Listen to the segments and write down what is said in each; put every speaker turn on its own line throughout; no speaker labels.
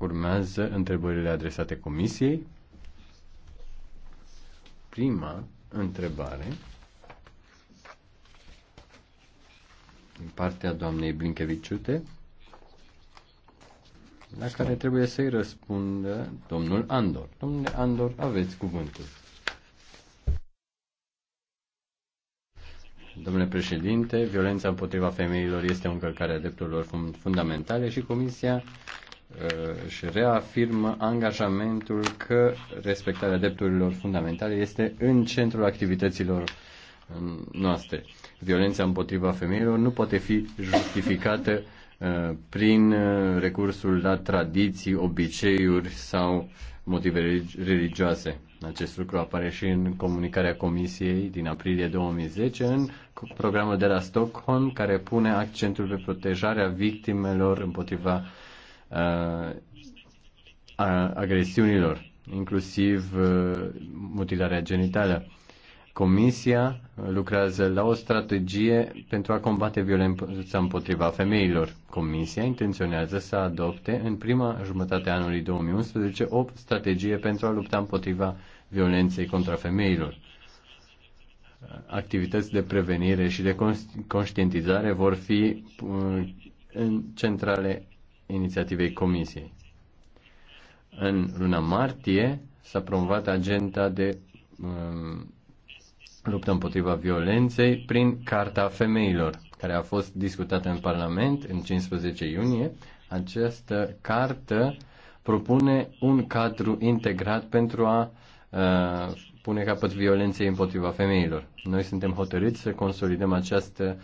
Urmează întrebările adresate Comisiei. Prima întrebare din partea doamnei Blinkeviciute, la care trebuie să-i răspundă domnul Andor. Domnule Andor, aveți cuvântul. Domnule președinte, violența împotriva femeilor este o încălcare a drepturilor fundamentale și Comisia uh, își reafirmă angajamentul că respectarea drepturilor fundamentale este în centrul activităților uh, noastre. Violența împotriva femeilor nu poate fi justificată prin uh, recursul la tradiții, obiceiuri sau motive religioase. Acest lucru apare și în comunicarea Comisiei din aprilie 2010 în programul de la Stockholm care pune accentul pe protejarea victimelor împotriva uh, agresiunilor, inclusiv uh, mutilarea genitală. Uh, Comisia lucrează la o strategie pentru a combate violența împotriva femeilor. Comisia intenționează să adopte în prima jumătate a anului 2011 o strategie pentru a lupta împotriva violenței contra femeilor. Activități de prevenire și de conștientizare vor fi uh, în centrale inițiativei Comisiei. În luna martie s-a promovat agenda de um, luptă împotriva violenței prin Carta Femeilor, care a fost discutată în Parlament în 15 iunie. Această carte propune un cadru integrat pentru a uh, pune capăt violenței împotriva femeilor. Noi suntem hotărâți să consolidăm această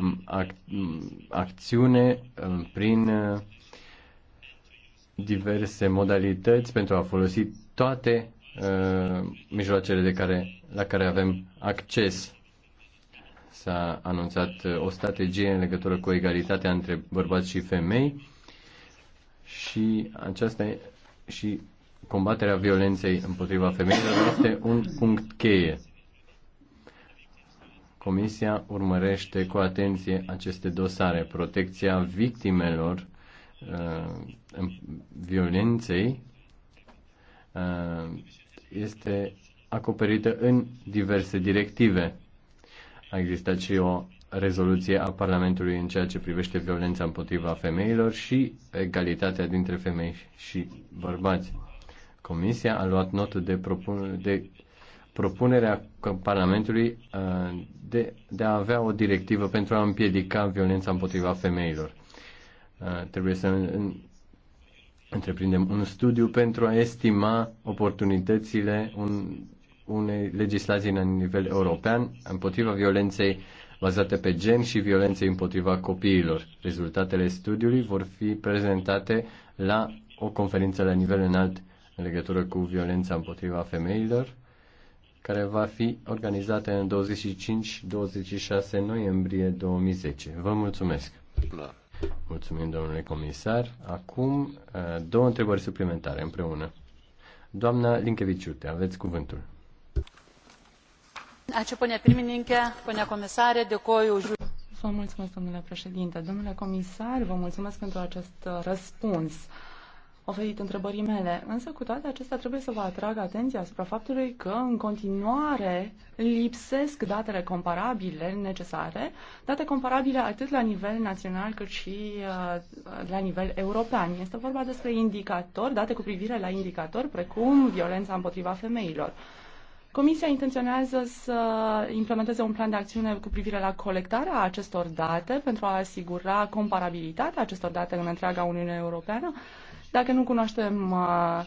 um, ac- um, acțiune um, prin uh, diverse modalități pentru a folosi toate Uh, mijloacele de care, la care avem acces. S-a anunțat uh, o strategie în legătură cu egalitatea între bărbați și femei și aceasta e, și combaterea violenței împotriva femeilor este un punct cheie. Comisia urmărește cu atenție aceste dosare. Protecția victimelor uh, violenței uh, este acoperită în diverse directive. A existat și o rezoluție a Parlamentului în ceea ce privește violența împotriva femeilor și egalitatea dintre femei și bărbați. Comisia a luat notă de, propun- de propunerea Parlamentului uh, de, de a avea o directivă pentru a împiedica violența împotriva femeilor. Uh, trebuie să întreprindem un studiu pentru a estima oportunitățile un, unei legislații la nivel european împotriva violenței bazate pe gen și violenței împotriva copiilor. Rezultatele studiului vor fi prezentate la o conferință la nivel înalt în legătură cu violența împotriva femeilor, care va fi organizată în 25-26 noiembrie 2010. Vă mulțumesc! Da. Mulțumim, domnule comisar. Acum, eh, două întrebări suplimentare împreună. Doamna Linkeviciute, aveți cuvântul.
Ačiū, ponia pirmininkė, ponia komisarė, dėkoju už... Vă
mulțumesc, domnule președinte. Domnule comisar, vă mulțumesc pentru acest răspuns. Uh, oferit întrebării mele. Însă, cu toate acestea, trebuie să vă atrag atenția asupra faptului că, în continuare, lipsesc datele comparabile necesare, date comparabile atât la nivel național cât și uh, la nivel european. Este vorba despre indicatori, date cu privire la indicatori, precum violența împotriva femeilor. Comisia intenționează să implementeze un plan de acțiune cu privire la colectarea acestor date pentru a asigura comparabilitatea acestor date în întreaga Uniune Europeană. Dacă nu cunoaștem uh,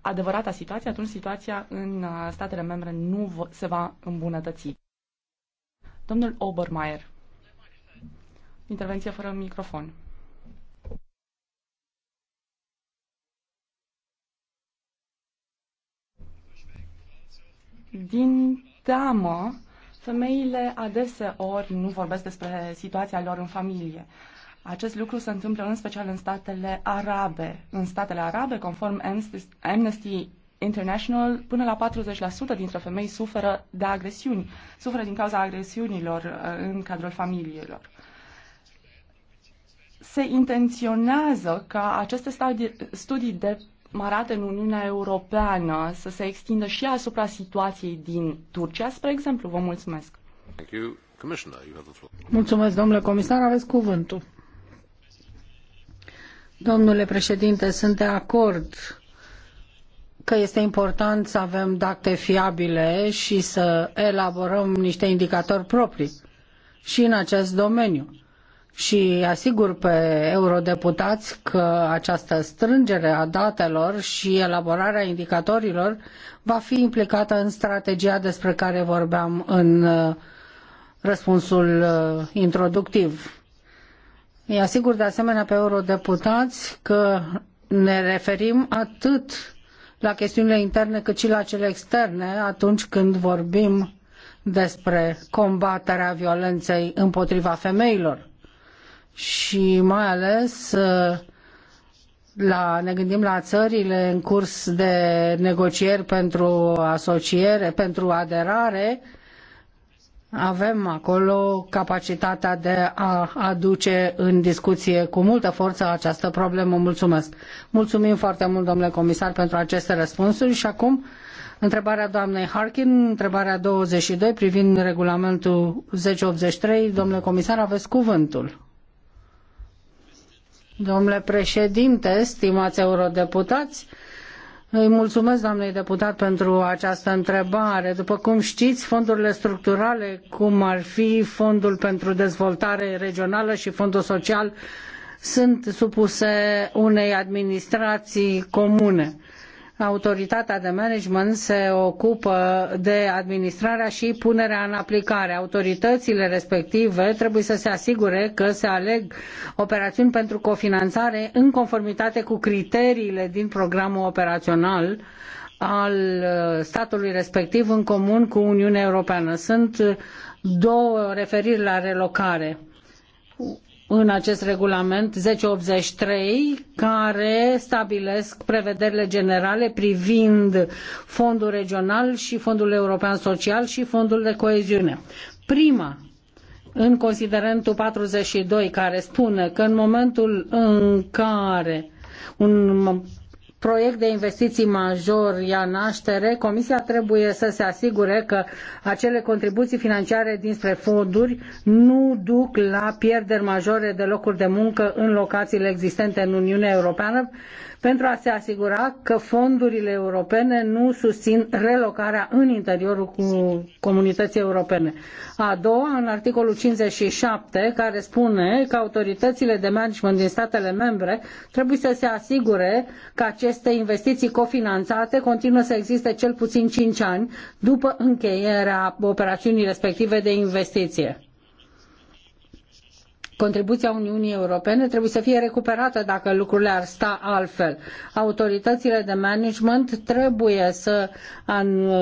adevărata situație, atunci situația în uh, statele membre nu se va îmbunătăți. Domnul Obermeier. Intervenție fără microfon. Din teamă, femeile adeseori nu vorbesc despre situația lor în familie. Acest lucru se întâmplă în special în statele arabe. În statele arabe, conform Amnesty International, până la 40% dintre femei suferă de agresiuni, suferă din cauza agresiunilor uh, în cadrul familiilor. Se intenționează ca aceste studii de marate în Uniunea Europeană să se extindă și asupra situației
din Turcia, spre exemplu. Vă mulțumesc. Mulțumesc, domnule comisar, aveți cuvântul. Domnule președinte, sunt de acord că este important să avem date fiabile și să elaborăm niște indicatori proprii și în acest domeniu. Și asigur pe eurodeputați că această strângere a datelor și elaborarea indicatorilor va fi implicată în strategia despre care vorbeam în uh, răspunsul uh, introductiv îi asigur de asemenea pe eurodeputați că ne referim atât la chestiunile interne cât și la cele externe atunci când vorbim despre combaterea violenței împotriva femeilor și mai ales uh, la, ne gândim la țările în curs de negocieri pentru asociere, pentru aderare, uh, avem acolo capacitatea de a aduce în discuție cu multă forță această problemă. Mulțumesc. Mulțumim foarte mult, domnule comisar, pentru aceste răspunsuri și acum întrebarea doamnei Harkin, întrebarea 22 privind regulamentul 1083. Domnule comisar, aveți cuvântul. Domnule președinte, stimați eurodeputați, îi mulțumesc doamnei deputat pentru această întrebare. După cum știți, fondurile structurale, cum ar fi Fondul pentru Dezvoltare Regională și Fondul Social, sunt supuse unei administrații comune Autoritatea de management se ocupă de administrarea și punerea în aplicare. Autoritățile respective trebuie să se asigure că se aleg operațiuni pentru cofinanțare în conformitate cu criteriile din programul operațional al statului respectiv în comun cu Uniunea Europeană. Sunt două referiri la relocare în acest regulament 1083 care stabilesc prevederile generale privind fondul regional și fondul european social și fondul de coeziune. Prima în considerentul 42 care spune că în momentul în care un proiect de investiții major ia naștere, Comisia trebuie să se asigure că acele contribuții financiare dinspre fonduri nu duc la pierderi majore de locuri de muncă în locațiile existente în Uniunea Europeană pentru a se asigura că fondurile europene nu susțin relocarea în interiorul comunității europene. A doua, în articolul 57, care spune că autoritățile de management din statele membre trebuie să se asigure că aceste investiții cofinanțate continuă să existe cel puțin 5 ani după încheierea operațiunii respective de investiție contribuția Uniunii Europene trebuie să fie recuperată dacă lucrurile ar sta altfel. Autoritățile de management trebuie să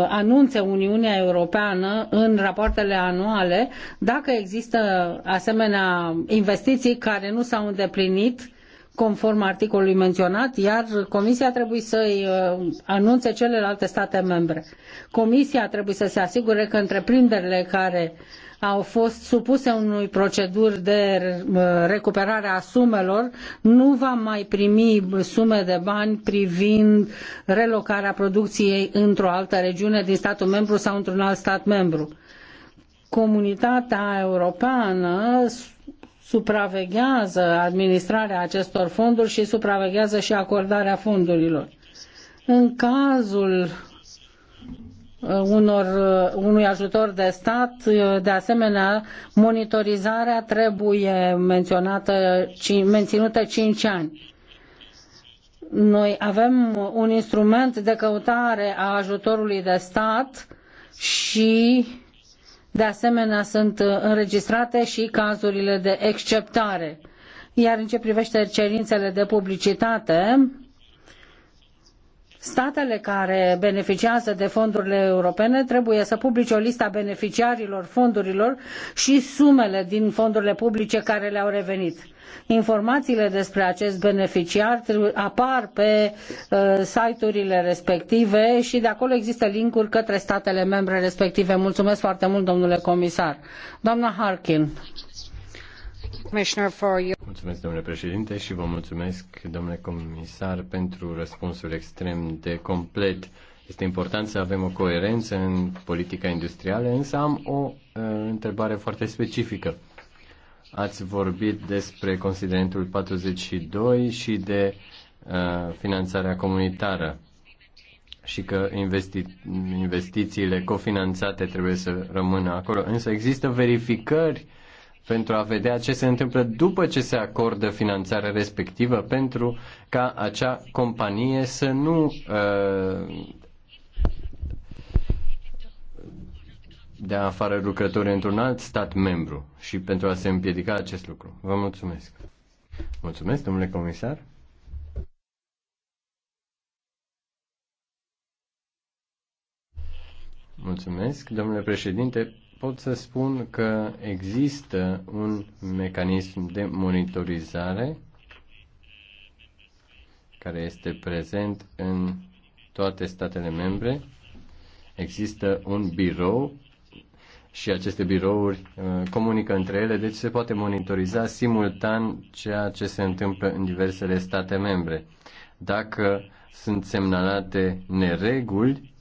anunțe Uniunea Europeană în rapoartele anuale dacă există asemenea investiții care nu s-au îndeplinit conform articolului menționat, iar Comisia trebuie să i uh, anunțe celelalte state membre. Comisia trebuie să se asigure că întreprinderile care uh, au fost supuse unui proceduri de uh, recuperare a sumelor, nu va mai primi sume de bani privind relocarea producției într-o altă regiune din statul membru sau într-un alt stat membru. Comunitatea europeană supraveghează administrarea acestor fonduri și supraveghează și acordarea fondurilor. În cazul Uh, unor, uh, unui ajutor de stat. Uh, de asemenea, monitorizarea trebuie menționată, menținută 5 ani. Noi avem un instrument de căutare a ajutorului de stat și de asemenea sunt înregistrate și cazurile de exceptare. Iar în ce privește cerințele de publicitate, Statele care beneficiază de fondurile europene trebuie să publice o listă a beneficiarilor fondurilor și sumele din fondurile publice care le-au revenit. Informațiile despre acest beneficiar apar pe uh, site-urile respective și de acolo există linkuri către statele membre respective. Mulțumesc foarte mult, domnule comisar. Doamna Harkin.
Mulțumesc, domnule președinte, și vă mulțumesc, domnule comisar, pentru răspunsul extrem de complet. Este important să avem o coerență în politica industrială, însă am o uh, întrebare foarte specifică. Ați vorbit despre considerentul 42 și de uh, finanțarea comunitară și că investi- investițiile cofinanțate trebuie să rămână acolo. Însă există verificări uh, pentru a vedea ce se întâmplă după ce se acordă finanțarea respectivă pentru ca acea companie să nu de uh, dea afară lucrători într-un alt stat membru și pentru a se împiedica acest lucru. Vă mulțumesc. Mulțumesc, domnule comisar. Mulțumesc, domnule președinte pot să spun că există un mecanism de monitorizare care este prezent în toate statele membre. Există un birou și aceste birouri uh, comunică între ele, deci se poate monitoriza simultan ceea ce se întâmplă în diversele state membre. Dacă sunt semnalate nereguli,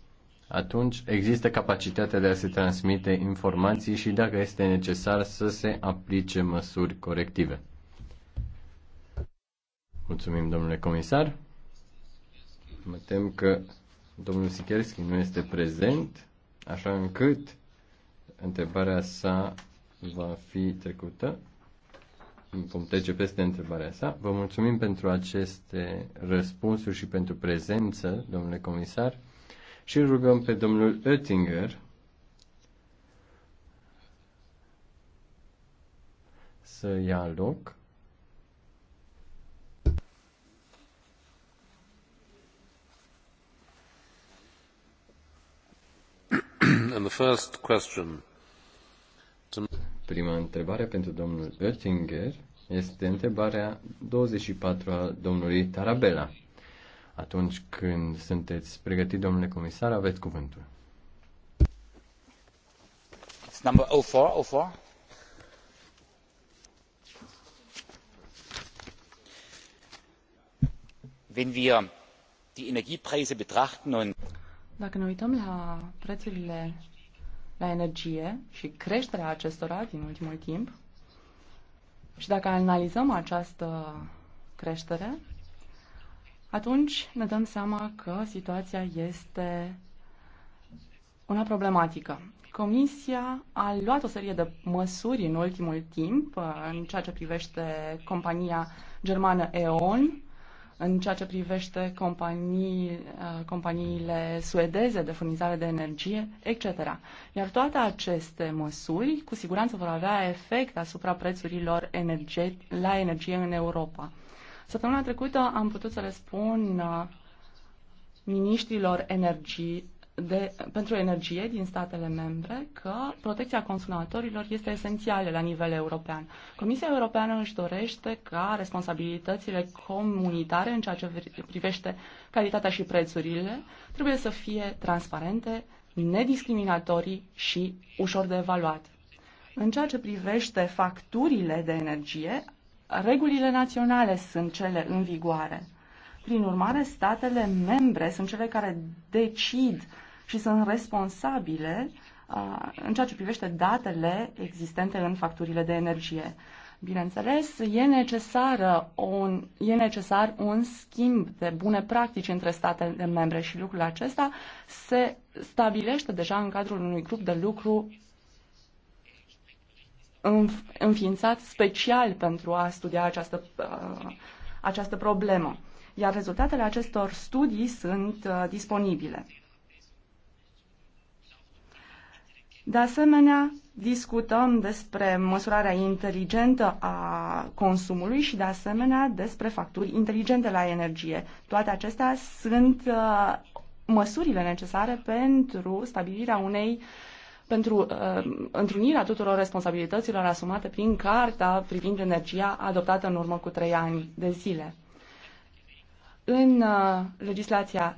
atunci există capacitatea de a se transmite informații și, dacă este necesar, să se aplice măsuri corective. Mulțumim, domnule comisar. Mă tem că domnul Sikerski nu este prezent, așa încât întrebarea sa va fi trecută. Vom trece peste întrebarea sa. Vă mulțumim pentru aceste răspunsuri și pentru prezență, domnule comisar și rugăm pe domnul Oettinger să ia loc. And the first question to... Prima întrebare pentru domnul Oettinger este întrebarea 24 a domnului Tarabella. Atunci când sunteți pregătit, domnule comisar, aveți cuvântul.
It's number 04, 04. Wenn wir die Energiepreise betrachten und
Dacă ne uităm la prețurile la energie și creșterea acestora din ultimul timp, și dacă analizăm această creștere, atunci ne dăm seama că situația este una problematică. Comisia a luat o serie de măsuri în ultimul timp uh, în ceea ce privește compania germană E.ON, în ceea ce privește companii, uh, companiile suedeze de furnizare de energie, etc. Iar toate aceste măsuri cu siguranță vor avea efect asupra prețurilor energie, la energie în Europa. Săptămâna trecută am putut să le spun uh, miniștrilor energii de, pentru energie din statele membre că protecția consumatorilor este esențială la nivel european. Comisia Europeană își dorește ca responsabilitățile comunitare în ceea ce privește calitatea și prețurile trebuie să fie transparente, nediscriminatorii și ușor de evaluat. În ceea ce privește facturile de energie, regulile naționale sunt cele în vigoare. Prin urmare, statele membre sunt cele care decid și sunt responsabile în ceea ce privește datele existente în facturile de energie. Bineînțeles, e, necesară un, e necesar un schimb de bune practici între statele membre și lucrul acesta se stabilește deja în cadrul unui grup de lucru înființat special pentru a studia această, uh, această problemă, iar rezultatele acestor studii sunt uh, disponibile. De asemenea, discutăm despre măsurarea inteligentă a consumului și, de asemenea, despre facturi inteligente la energie. Toate acestea sunt uh, măsurile necesare pentru stabilirea unei uh, pentru uh, întrunirea tuturor responsabilităților asumate prin Carta privind energia adoptată în urmă cu trei ani de zile. În uh, legislația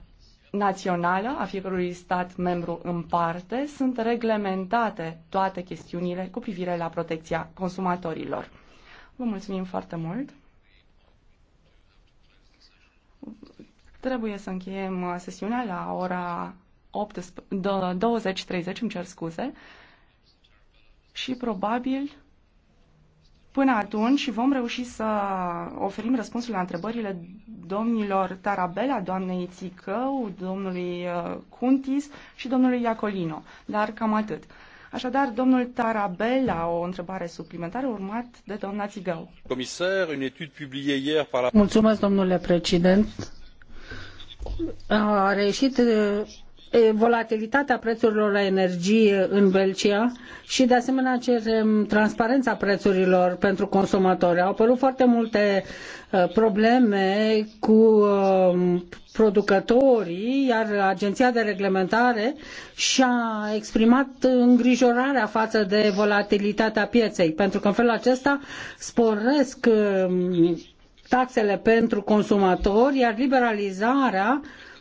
națională a fiecărui stat membru în parte sunt reglementate toate chestiunile cu privire la protecția consumatorilor. Vă mulțumim foarte mult! Trebuie să încheiem uh, sesiunea la ora 20-30, îmi cer scuze, și probabil până atunci vom reuși să oferim răspunsul la întrebările domnilor Tarabella, doamnei Țicău, domnului uh, Cuntis și domnului Iacolino, dar cam atât. Așadar, domnul Tarabella, o întrebare suplimentară urmat de doamna
Țigău.
Comisar, une étude publiée hier par la...
Mulțumesc, domnule președinte. A reușit. Uh, volatilitatea prețurilor la energie în Belgia și de asemenea cerem transparența prețurilor pentru consumatori. Au apărut foarte multe probleme cu producătorii, iar Agenția de Reglementare și-a exprimat îngrijorarea față de volatilitatea pieței, pentru că în felul acesta sporesc taxele pentru consumatori, iar liberalizarea uh,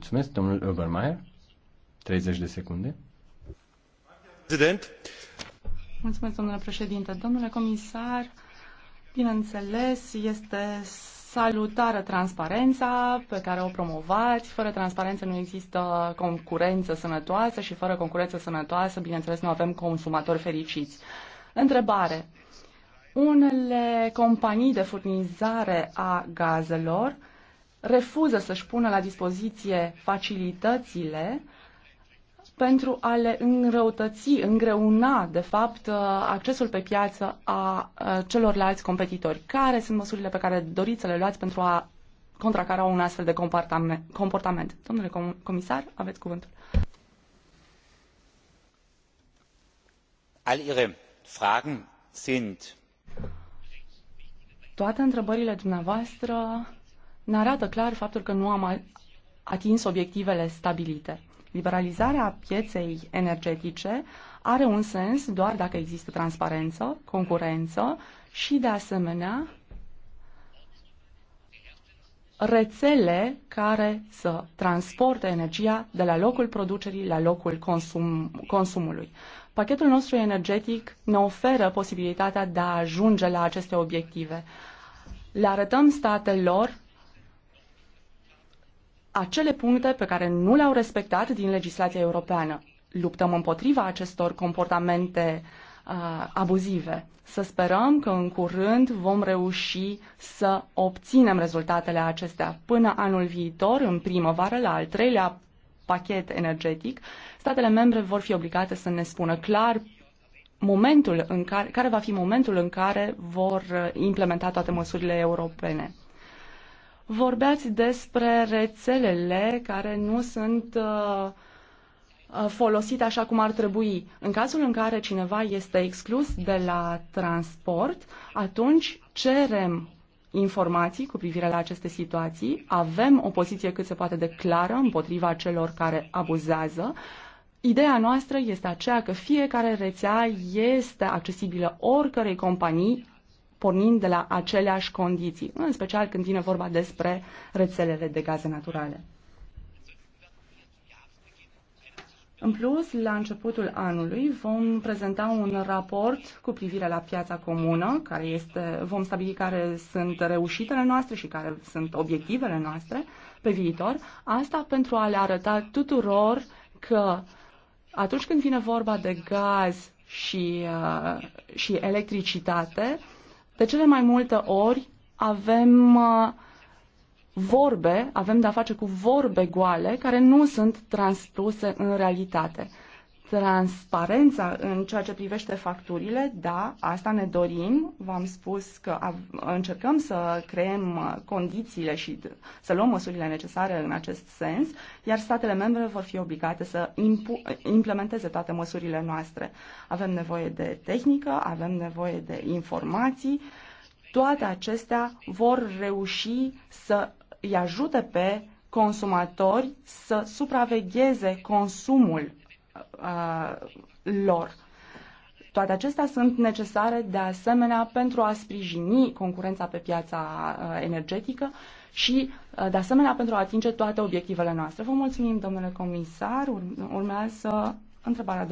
Mulțumesc, domnul Obermeier. 30 de secunde. Prezident.
Mulțumesc, domnule președinte. Domnule comisar, bineînțeles, este salutară transparența pe care o promovați. Fără transparență nu există concurență sănătoasă și fără concurență sănătoasă, bineînțeles, nu avem consumatori fericiți. Întrebare. Unele companii de furnizare a gazelor refuză să-și pună la dispoziție facilitățile pentru a le înrăutăți, îngreuna, de fapt, uh, accesul pe piață a uh, celorlalți competitori. Care sunt măsurile pe care doriți să le luați pentru a contracara un astfel de comportament? Domnule comisar, aveți cuvântul.
All Ihre Fragen sind.
Toate întrebările dumneavoastră ne arată clar faptul că nu am atins obiectivele stabilite. Liberalizarea pieței energetice are un sens doar dacă există transparență, concurență și, de asemenea, rețele care să transporte energia de la locul producerii la locul consum, consumului. Pachetul nostru energetic ne oferă posibilitatea de a ajunge la aceste obiective. Le arătăm statelor acele puncte pe care nu le-au respectat din legislația europeană. Luptăm împotriva acestor comportamente uh, abuzive. Să sperăm că în curând vom reuși să obținem rezultatele acestea. Până anul viitor, în primăvară, la al treilea pachet energetic, statele membre vor fi obligate să ne spună clar momentul în care, care va fi momentul în care vor uh, implementa toate măsurile europene. Vorbeați despre rețelele care nu sunt uh, uh, folosite așa cum ar trebui. În cazul în care cineva este exclus de la transport, atunci cerem informații cu privire la aceste situații, avem o poziție cât se poate de clară împotriva celor care abuzează. Ideea noastră este aceea că fiecare rețea este accesibilă oricărei companii pornind de la aceleași condiții, în special când vine vorba despre rețelele de gaze naturale. În plus, la începutul anului vom prezenta un raport cu privire la piața comună, care este, vom stabili care sunt reușitele noastre și care sunt obiectivele noastre pe viitor. Asta pentru a le arăta tuturor că atunci când vine vorba de gaz și, uh, și electricitate, de cele mai multe ori avem uh, vorbe, avem de-a face cu vorbe goale care nu sunt transpuse în realitate transparența în ceea ce privește facturile, da, asta ne dorim. V-am spus că încercăm să creăm condițiile și să luăm măsurile necesare în acest sens, iar statele membre vor fi obligate să implementeze toate măsurile noastre. Avem nevoie de tehnică, avem nevoie de informații. Toate acestea vor reuși să îi ajute pe consumatori să supravegheze consumul lor. Toate acestea sunt necesare de asemenea pentru a sprijini concurența pe piața energetică și de asemenea pentru a atinge toate obiectivele noastre. Vă mulțumim, domnule comisar. Urmează întrebarea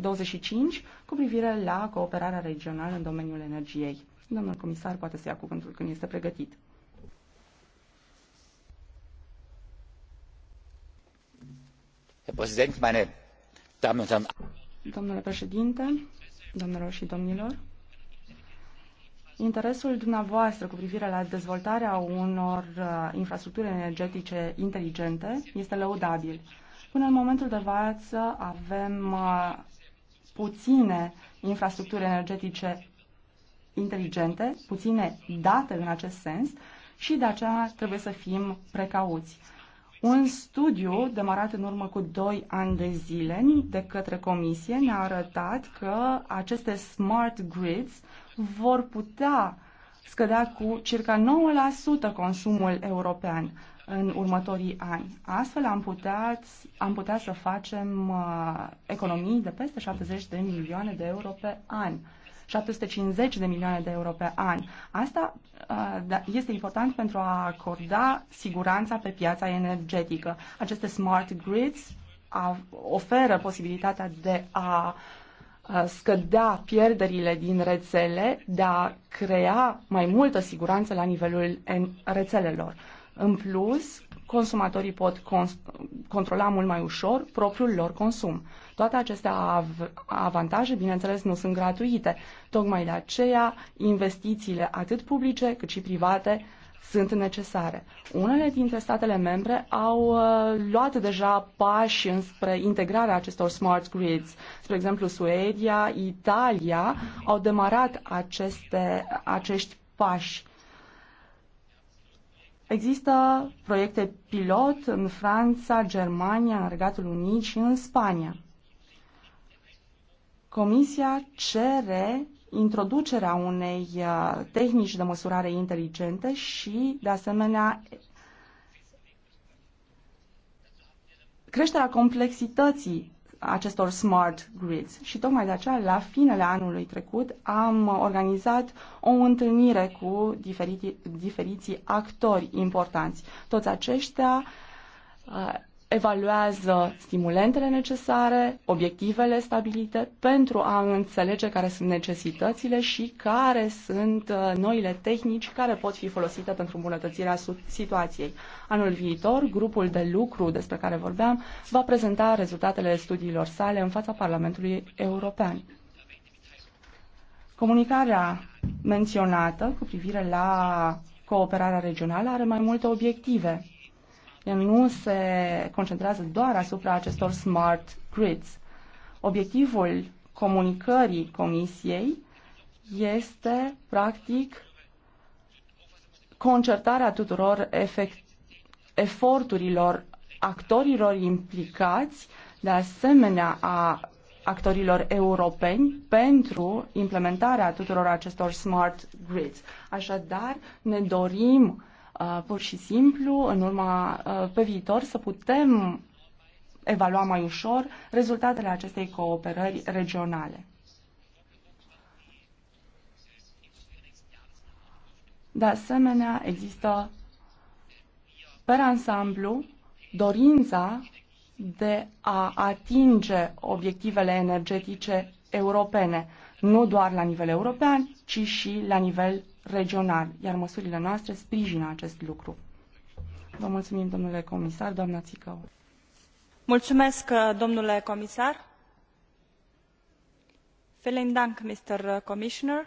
25 cu privire la cooperarea regională în domeniul energiei. Domnul comisar poate să ia cuvântul când este pregătit.
Herr Präsident, meine
Domnule președinte, domnilor și domnilor, interesul dumneavoastră cu privire la dezvoltarea unor uh, infrastructuri energetice inteligente este lăudabil. Până în momentul de față avem uh, puține infrastructuri energetice inteligente, puține date în acest sens și de aceea trebuie să fim precauți. Un studiu demarat în urmă cu 2 ani de zile de către comisie ne-a arătat că aceste smart grids vor putea scădea cu circa 9% consumul european în următorii ani. Astfel am putea, am putea să facem uh, economii de peste 70 de milioane de euro pe an. 750 de milioane de euro pe an. Asta uh, da, este important pentru a acorda siguranța pe piața energetică. Aceste smart grids oferă posibilitatea de a uh, scădea pierderile din rețele, de a crea mai multă siguranță la nivelul rețelelor. În plus, consumatorii pot cons- controla mult mai ușor propriul lor consum. Toate aceste av- avantaje, bineînțeles, nu sunt gratuite. Tocmai de aceea, investițiile atât publice cât și private sunt necesare. Unele dintre statele membre au uh, luat deja pași înspre integrarea acestor smart grids. Spre exemplu, Suedia, Italia au demarat aceste, acești pași Există proiecte pilot în Franța, Germania, în Regatul Unit și în Spania. Comisia cere introducerea unei uh, tehnici de măsurare inteligente și, de asemenea, creșterea complexității acestor smart grids. Și tocmai de aceea, la finele anului trecut, am organizat o întâlnire cu diferiti, diferiții actori importanți. Toți aceștia uh, evaluează stimulentele necesare, obiectivele stabilite pentru a înțelege care sunt necesitățile și care sunt uh, noile tehnici care pot fi folosite pentru îmbunătățirea situației. Anul viitor, grupul de lucru despre care vorbeam va prezenta rezultatele studiilor sale în fața Parlamentului European. Comunicarea menționată cu privire la cooperarea regională are mai multe obiective nu se concentrează doar asupra acestor smart grids. Obiectivul comunicării Comisiei este, practic, concertarea tuturor efect, eforturilor actorilor implicați, de asemenea a actorilor europeni pentru implementarea tuturor acestor smart grids. Așadar, ne dorim Uh, pur și simplu, în urma, uh, pe viitor, să putem evalua mai ușor rezultatele acestei cooperări regionale. De asemenea, există per ansamblu dorința de a atinge obiectivele energetice europene, nu doar la nivel european, ci și la nivel regional, iar măsurile noastre sprijină acest lucru. Vă mulțumim, domnule comisar, doamna Țicău.
Mulțumesc, uh, domnule comisar. Vielen Dank, Mr. Uh, commissioner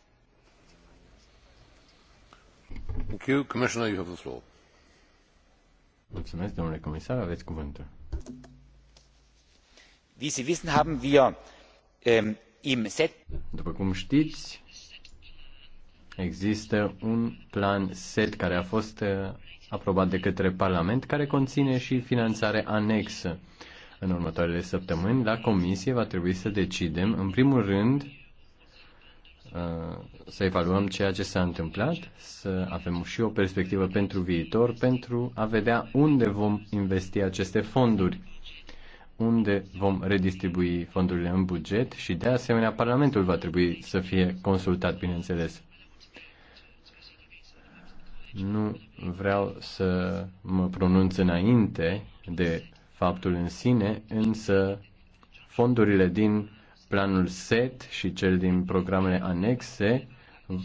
domnule comisar, aveți
Wie Sie wissen, haben wir ähm, im
După cum știți, există un plan set care a fost uh, aprobat de către Parlament, care conține și finanțare anexă. În următoarele săptămâni, la Comisie va trebui să decidem, în primul rând, Uh, să evaluăm ceea ce s-a întâmplat, să avem și o perspectivă pentru viitor, pentru a vedea unde vom investi aceste fonduri, unde vom redistribui fondurile în buget și, de asemenea, Parlamentul va trebui să fie consultat, bineînțeles. Nu vreau să mă pronunț înainte de faptul în sine, însă fondurile din planul SET și cel din programele anexe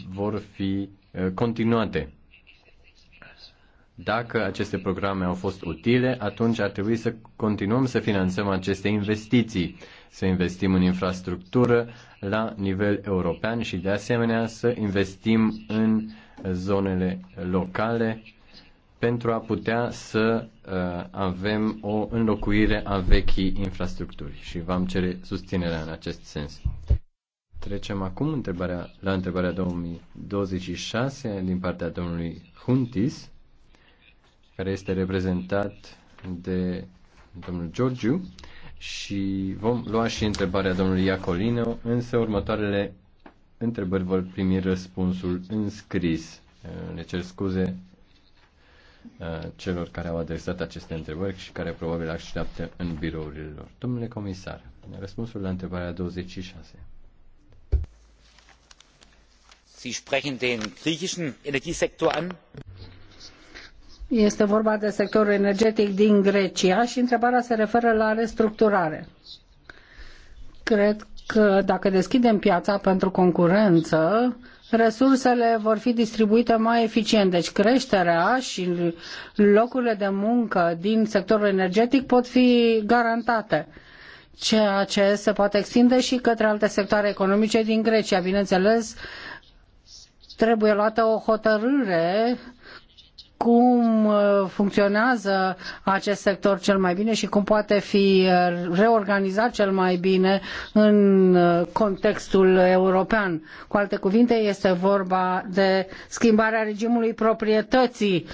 vor fi uh, continuate. Dacă aceste programe au fost utile, atunci ar trebui să continuăm să finanțăm aceste investiții, să investim în infrastructură la nivel european și de asemenea să investim în zonele locale pentru a putea să uh, avem o înlocuire a vechii infrastructuri și v-am cere susținerea în acest sens. Trecem acum întrebarea, la întrebarea 2026 din partea domnului Huntis, care este reprezentat de domnul Georgiu și vom lua și întrebarea domnului Iacolino, însă următoarele întrebări vor primi răspunsul înscris. Le uh, cer scuze Uh, celor care au adresat aceste întrebări și care probabil așteaptă în birourile lor. Domnule comisar, răspunsul la întrebarea 26.
Sie sprechen den griechischen Energiesektor an?
Este vorba de sectorul energetic din Grecia și întrebarea se referă la restructurare. Cred că dacă deschidem piața pentru concurență, resursele vor fi distribuite mai eficient. Deci creșterea și locurile de muncă din sectorul energetic pot fi garantate ceea ce se poate extinde și către alte sectoare economice din Grecia. Bineînțeles, trebuie luată o hotărâre cum uh, funcționează acest sector cel mai bine și cum poate fi uh, reorganizat cel mai bine în uh, contextul european. Cu alte cuvinte, este vorba de schimbarea regimului proprietății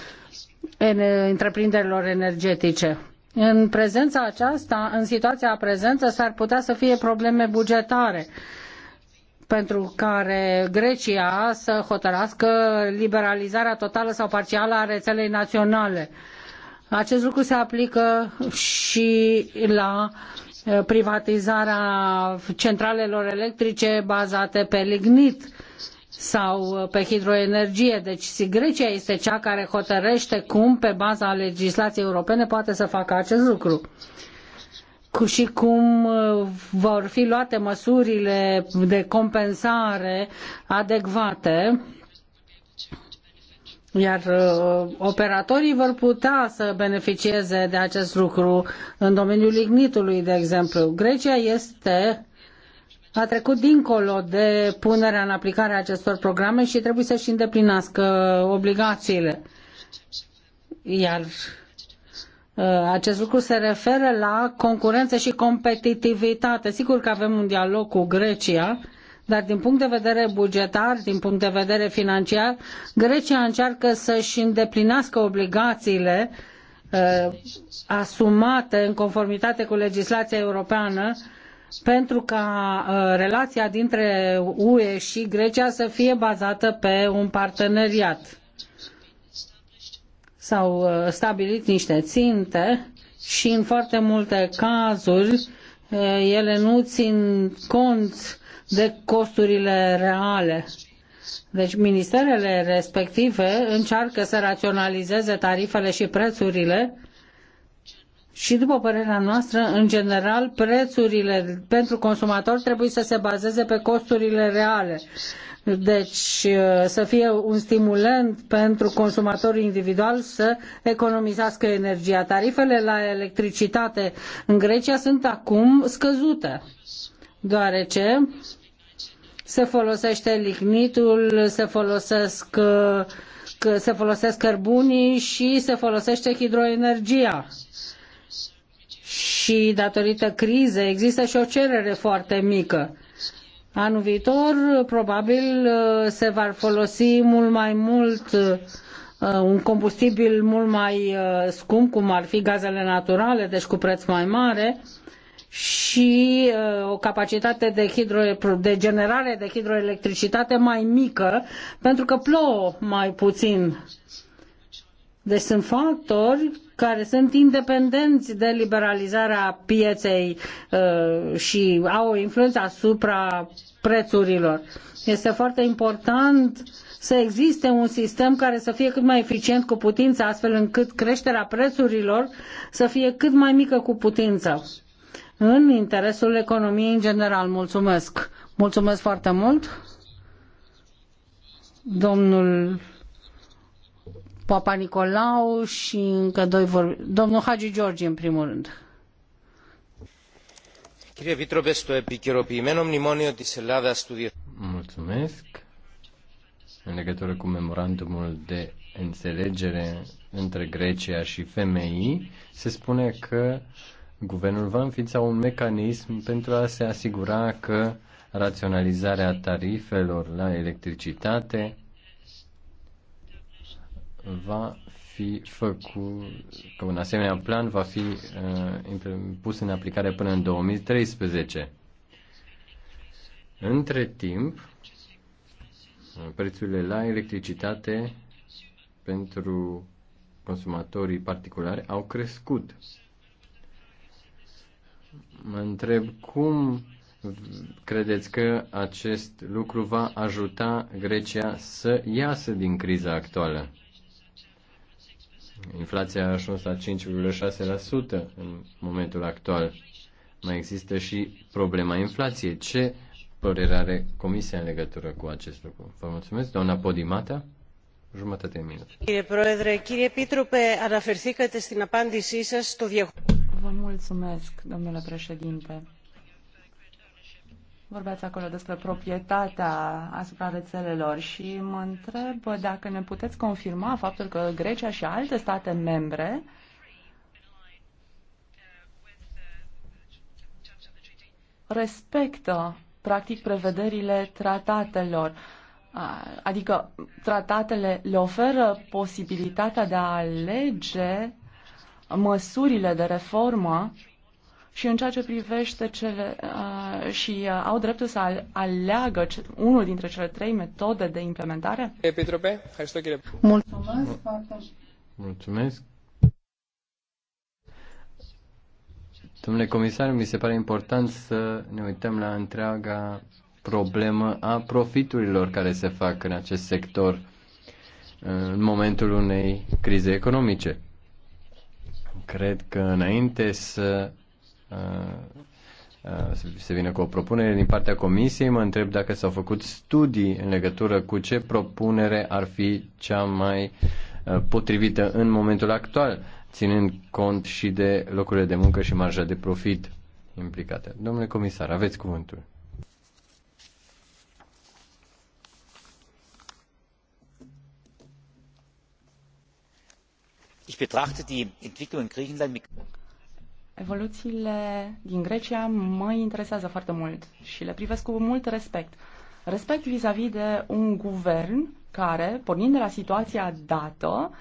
întreprinderilor energetice. În prezența aceasta, în situația prezentă, s-ar putea să fie probleme bugetare. Uh, pentru care Grecia să hotărască liberalizarea totală sau parțială a rețelei naționale. Acest lucru se aplică și la privatizarea centralelor electrice bazate pe lignit sau pe hidroenergie. Deci Grecia este cea care hotărăște cum, pe baza legislației europene, poate să facă acest lucru. Uh, și cum uh, vor fi luate măsurile de compensare adecvate iar uh, operatorii vor putea să beneficieze de acest lucru în domeniul lignitului, de exemplu. Grecia este a trecut dincolo de punerea în aplicare a acestor programe și trebuie să-și îndeplinească obligațiile. Iar Uh, acest lucru se referă la concurență și competitivitate. Sigur că avem un dialog cu Grecia, dar din punct de vedere bugetar, din punct de vedere financiar, Grecia încearcă să-și îndeplinească obligațiile uh, asumate în conformitate cu legislația europeană pentru ca uh, relația dintre UE și Grecia să fie bazată pe un parteneriat s-au uh, stabilit niște ținte și în foarte multe cazuri uh, ele nu țin cont de costurile reale. Deci ministerele respective încearcă să raționalizeze tarifele și prețurile și după părerea noastră, în general, prețurile pentru consumator trebuie să se bazeze pe costurile reale. Deci uh, să fie un stimulent pentru consumatorul individual să economisească energia. Tarifele la electricitate în Grecia sunt acum scăzute, deoarece se folosește lignitul, se folosesc uh, se folosesc cărbunii și se folosește hidroenergia. Și datorită crizei există și o cerere foarte mică Anul viitor probabil uh, se va folosi mult mai mult uh, un combustibil mult mai uh, scump, cum ar fi gazele naturale, deci cu preț mai mare, și o capacitate de, hidro, de generare de hidroelectricitate mai mică, pentru că plouă mai puțin. Deci sunt factori care sunt independenți de liberalizarea pieței uh, și au o influență asupra prețurilor. Este foarte important să existe un sistem care să fie cât mai eficient cu putință, astfel încât creșterea prețurilor să fie cât mai mică cu putință. În interesul economiei în general. Mulțumesc. Mulțumesc foarte mult. Domnul Papa Nicolau și încă doi vor... Domnul Hagi George, în primul rând.
Κύριε Επίτροπε, στο επικαιροποιημένο μνημόνιο της Ελλάδας του
Mulțumesc. În legătură cu memorandumul de înțelegere între Grecia și FMI, se spune că guvernul va înființa un mecanism pentru a se asigura că raționalizarea tarifelor la electricitate va fi făcut, că un asemenea plan va fi uh, pus în aplicare până în 2013. Între timp, prețurile la electricitate pentru consumatorii particulari au crescut. Mă întreb cum credeți că acest lucru va ajuta Grecia să iasă din criza actuală? Inflația a ajuns la 5,6% în momentul actual. Mai există și problema inflației. Ce părere are Comisia în legătură cu acest lucru? Vă mulțumesc, doamna Podimata. Jumătate de minut.
Vă
mulțumesc, domnule președinte Vorbeați acolo despre proprietatea asupra rețelelor și mă întreb dacă ne puteți confirma faptul că Grecia și alte state membre respectă practic prevederile tratatelor. Adică tratatele le oferă posibilitatea de a alege măsurile de reformă și în ceea ce privește cele uh, și uh, au dreptul să aleagă unul dintre cele trei metode de implementare?
Epitrope,
Mulțumesc
foarte
Mulțumesc. Domnule comisar, mi se pare important să ne uităm la întreaga problemă a profiturilor care se fac în acest sector în momentul unei crize economice. Cred că înainte să Uh, uh, se vine cu o propunere din partea comisiei, mă întreb dacă s-au făcut studii în legătură cu ce propunere ar fi cea mai uh, potrivită în momentul actual, ținând cont și de locurile de muncă și marja de profit implicate. Domnule comisar, aveți cuvântul.
Ich betrachte die Entwicklung in Griechenland mit
Evoluțiile din Grecia mă interesează foarte mult și le privesc cu mult respect. Respect vis-a-vis -vis de un guvern care, pornind de la situația dată,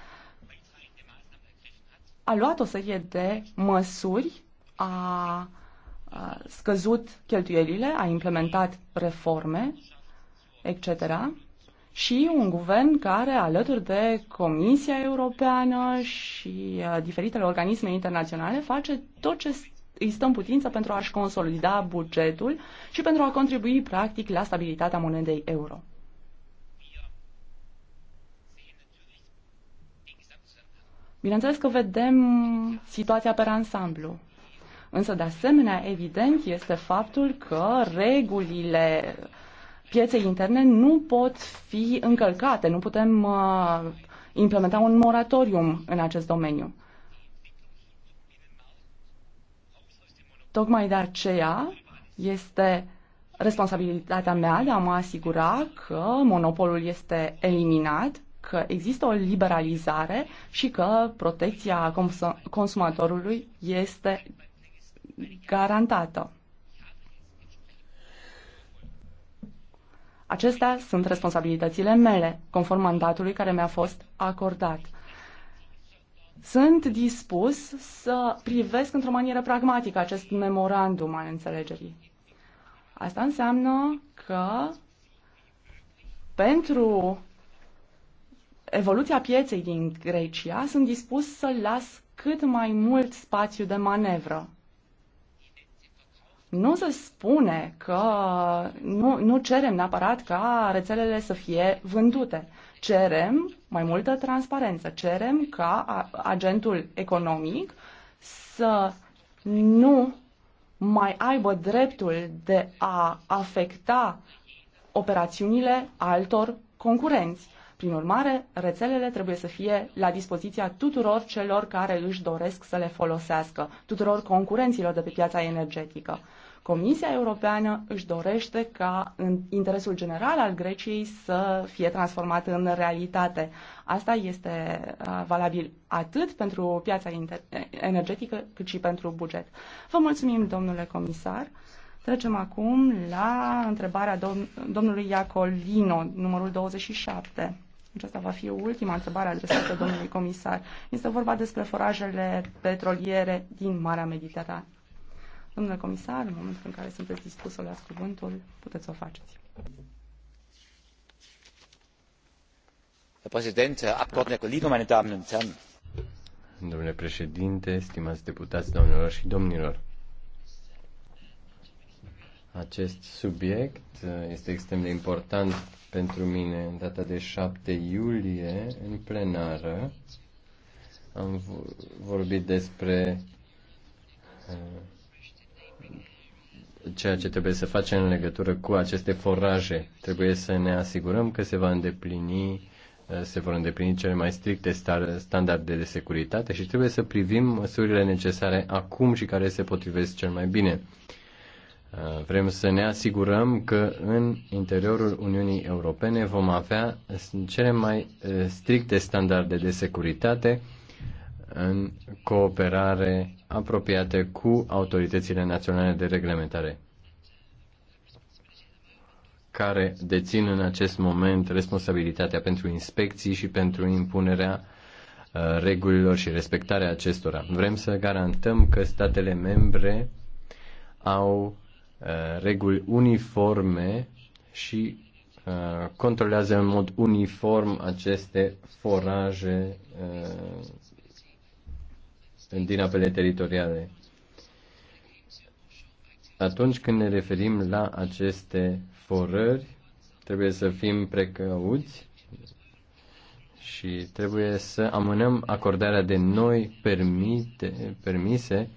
a luat o serie de măsuri, a scăzut cheltuielile, a implementat reforme, etc și un guvern care, alături de Comisia Europeană și uh, diferitele organisme internaționale, face tot ce îi stă în putință pentru a-și consolida bugetul și pentru a contribui, practic, la stabilitatea monedei euro. Bineînțeles că vedem situația pe ansamblu. Însă, de asemenea, evident este faptul că regulile uh, pieței interne nu pot fi încălcate, nu putem uh, implementa un moratorium în acest domeniu. Tocmai de aceea este responsabilitatea mea de a mă asigura că monopolul este eliminat, că există o liberalizare și că protecția consumatorului este garantată. Acestea sunt responsabilitățile mele, conform mandatului care mi-a fost acordat. Sunt dispus să privesc într-o manieră pragmatică acest memorandum al înțelegerii. Asta înseamnă că pentru evoluția pieței din Grecia sunt dispus să las cât mai mult spațiu de manevră nu se spune că nu, nu cerem neapărat ca rețelele să fie vândute. Cerem mai multă transparență. Cerem ca agentul economic să nu mai aibă dreptul de a afecta operațiunile altor concurenți. Prin urmare, rețelele trebuie să fie la dispoziția tuturor celor care își doresc să le folosească, tuturor concurenților de pe piața energetică. Comisia Europeană își dorește ca în interesul general al Greciei să fie transformat în realitate. Asta este uh, valabil atât pentru piața energetică cât și pentru buget. Vă mulțumim, domnule comisar. Trecem acum la întrebarea domn- domnului Iacolino, numărul 27. Aceasta va fi ultima întrebare adresată domnului comisar. Este vorba despre forajele petroliere din Marea Mediterană. Domnule comisar, în momentul în care sunteți dispus să luați cuvântul, puteți să o faceți.
Domnule președinte, stimați deputați, domnilor și domnilor, acest subiect uh, este extrem de important pentru mine. În data de 7 iulie, în plenară, am vorbit despre uh, ceea ce trebuie să facem în legătură cu aceste foraje. Trebuie să ne asigurăm că se va îndeplini uh, se vor îndeplini cele mai stricte standarde de securitate și trebuie să privim măsurile necesare acum și care se potrivesc cel mai bine. Uh, vrem să ne asigurăm că în interiorul Uniunii Europene vom avea cele mai uh, stricte standarde de securitate în cooperare apropiată cu autoritățile naționale de reglementare care dețin în acest moment responsabilitatea pentru inspecții și pentru impunerea uh, regulilor și respectarea acestora. Vrem să garantăm că statele membre au uh, reguli uniforme și uh, controlează în mod uniform aceste foraje din apele teritoriale. Atunci când ne referim la aceste forări, trebuie să fim precauți și trebuie să amânăm acordarea de noi permite, permise,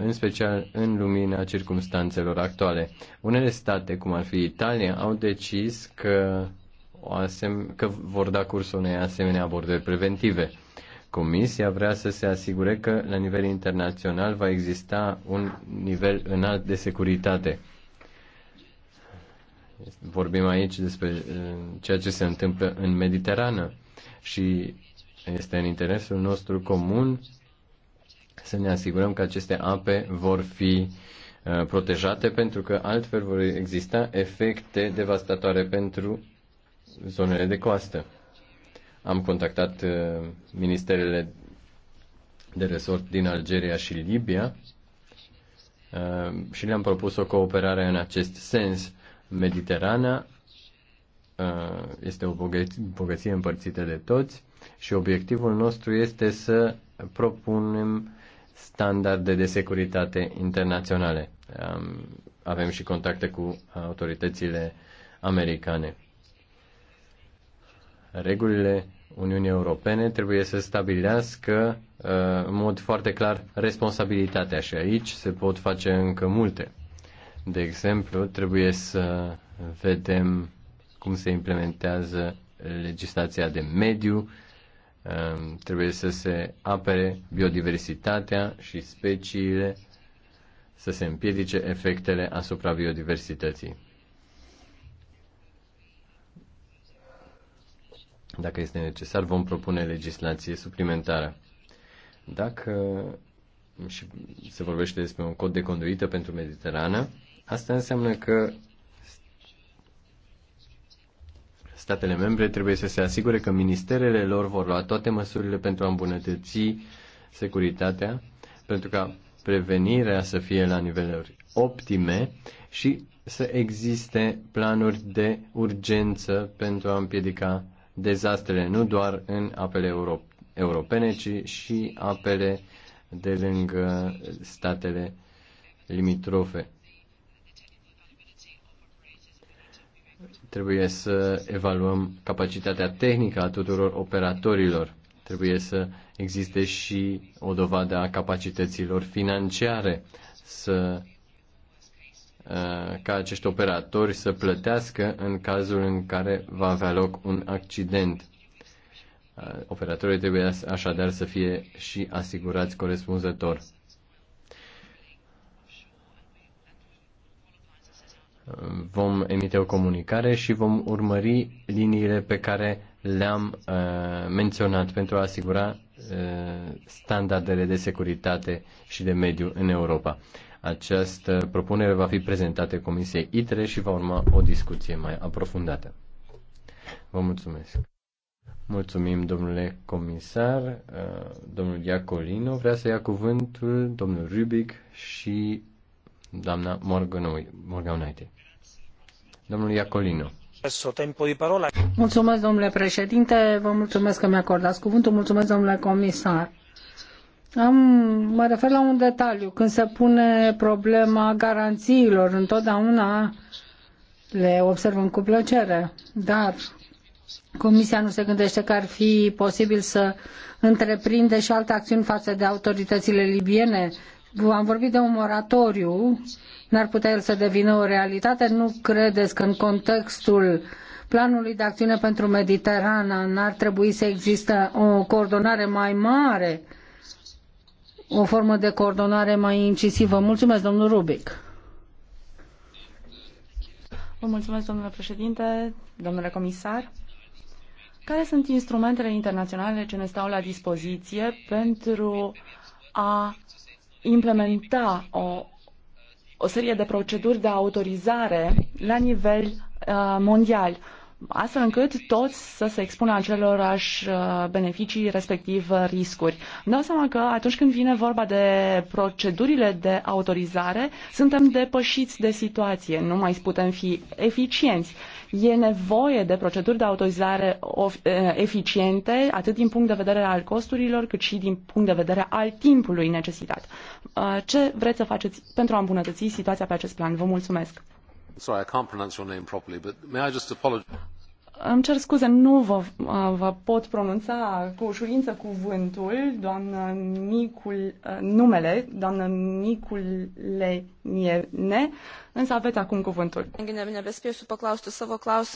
în special în lumina circumstanțelor actuale. Unele state, cum ar fi Italia, au decis că, o asem- că vor da curs unei asemenea abordări preventive. Comisia vrea să se asigure că la nivel internațional va exista un nivel înalt de securitate. Vorbim aici despre uh, ceea ce se întâmplă în Mediterană și este în interesul nostru comun să ne asigurăm că aceste ape vor fi uh, protejate pentru că altfel vor exista efecte devastatoare pentru zonele de coastă. Am contactat uh, ministerele de resort din Algeria și Libia uh, și le-am propus o cooperare în acest sens. Mediterana uh, este o bogăție împărțită de toți și obiectivul nostru este să propunem standarde de securitate internaționale. Avem și contacte cu autoritățile americane. Regulile Uniunii Europene trebuie să stabilească uh, în mod foarte clar responsabilitatea și aici se pot face încă multe. De exemplu, trebuie să vedem cum se implementează legislația de mediu, uh, trebuie să se apere biodiversitatea și speciile, să se împiedice efectele asupra biodiversității. Dacă este necesar, vom propune legislație suplimentară. Dacă și se vorbește despre un cod de conduită pentru Mediterană, asta înseamnă că statele membre trebuie să se asigure că ministerele lor vor lua toate măsurile pentru a îmbunătăți securitatea, pentru ca prevenirea să fie la niveluri optime și să existe planuri de urgență pentru a împiedica dezastrele nu doar în apele euro- europene, ci și apele de lângă statele limitrofe. Trebuie să evaluăm capacitatea tehnică a tuturor operatorilor. Trebuie să existe și o dovadă a capacităților financiare, să Uh, ca acești operatori să plătească în cazul în care va avea loc un accident. Uh, operatorii trebuie așadar să fie și asigurați corespunzător. Vom emite o comunicare și vom urmări liniile pe care le-am uh, menționat pentru a asigura uh, standardele de securitate și de mediu în Europa. Această propunere va fi prezentată Comisiei ITRE și va urma o discuție mai aprofundată. Vă mulțumesc. Mulțumim, domnule comisar. Uh, domnul Iacolino vrea să ia cuvântul, domnul Rubic și doamna Morganaite. Domnul Iacolino.
Mulțumesc, domnule președinte, vă mulțumesc că mi-acordați cuvântul, mulțumesc, domnule comisar. Am, mă refer la un detaliu. Când se pune problema garanțiilor, întotdeauna le observăm cu plăcere, dar Comisia nu se gândește că ar fi posibil să întreprinde și alte acțiuni față de autoritățile libiene. Am vorbit de un moratoriu, n-ar putea el să devină o realitate. Nu credeți că în contextul planului de acțiune pentru Mediterana n-ar trebui să existe o coordonare mai mare o formă de coordonare mai incisivă. Mulțumesc, domnul Rubic.
Vă mulțumesc, domnule președinte, domnule comisar. Care sunt instrumentele internaționale ce ne stau la dispoziție pentru a implementa o, o serie de proceduri de autorizare la nivel uh, mondial? astfel încât toți să se expună acelorași uh, beneficii, respectiv uh, riscuri. Îmi dau seama că atunci când vine vorba de procedurile de autorizare, suntem depășiți de situație, nu mai putem fi eficienți. E nevoie de proceduri de autorizare uh, eficiente, atât din punct de vedere al costurilor, cât și din punct de vedere al timpului necesitat. Ce vreți să faceți pentru a îmbunătăți situația pe acest plan? Vă mulțumesc! Îmi cer scuze, nu vă, uh, vă pot pronunța cu ușurință cuvântul, doamnă Micul, uh, numele, doamnă Micule Nievne,
însă aveți acum cuvântul.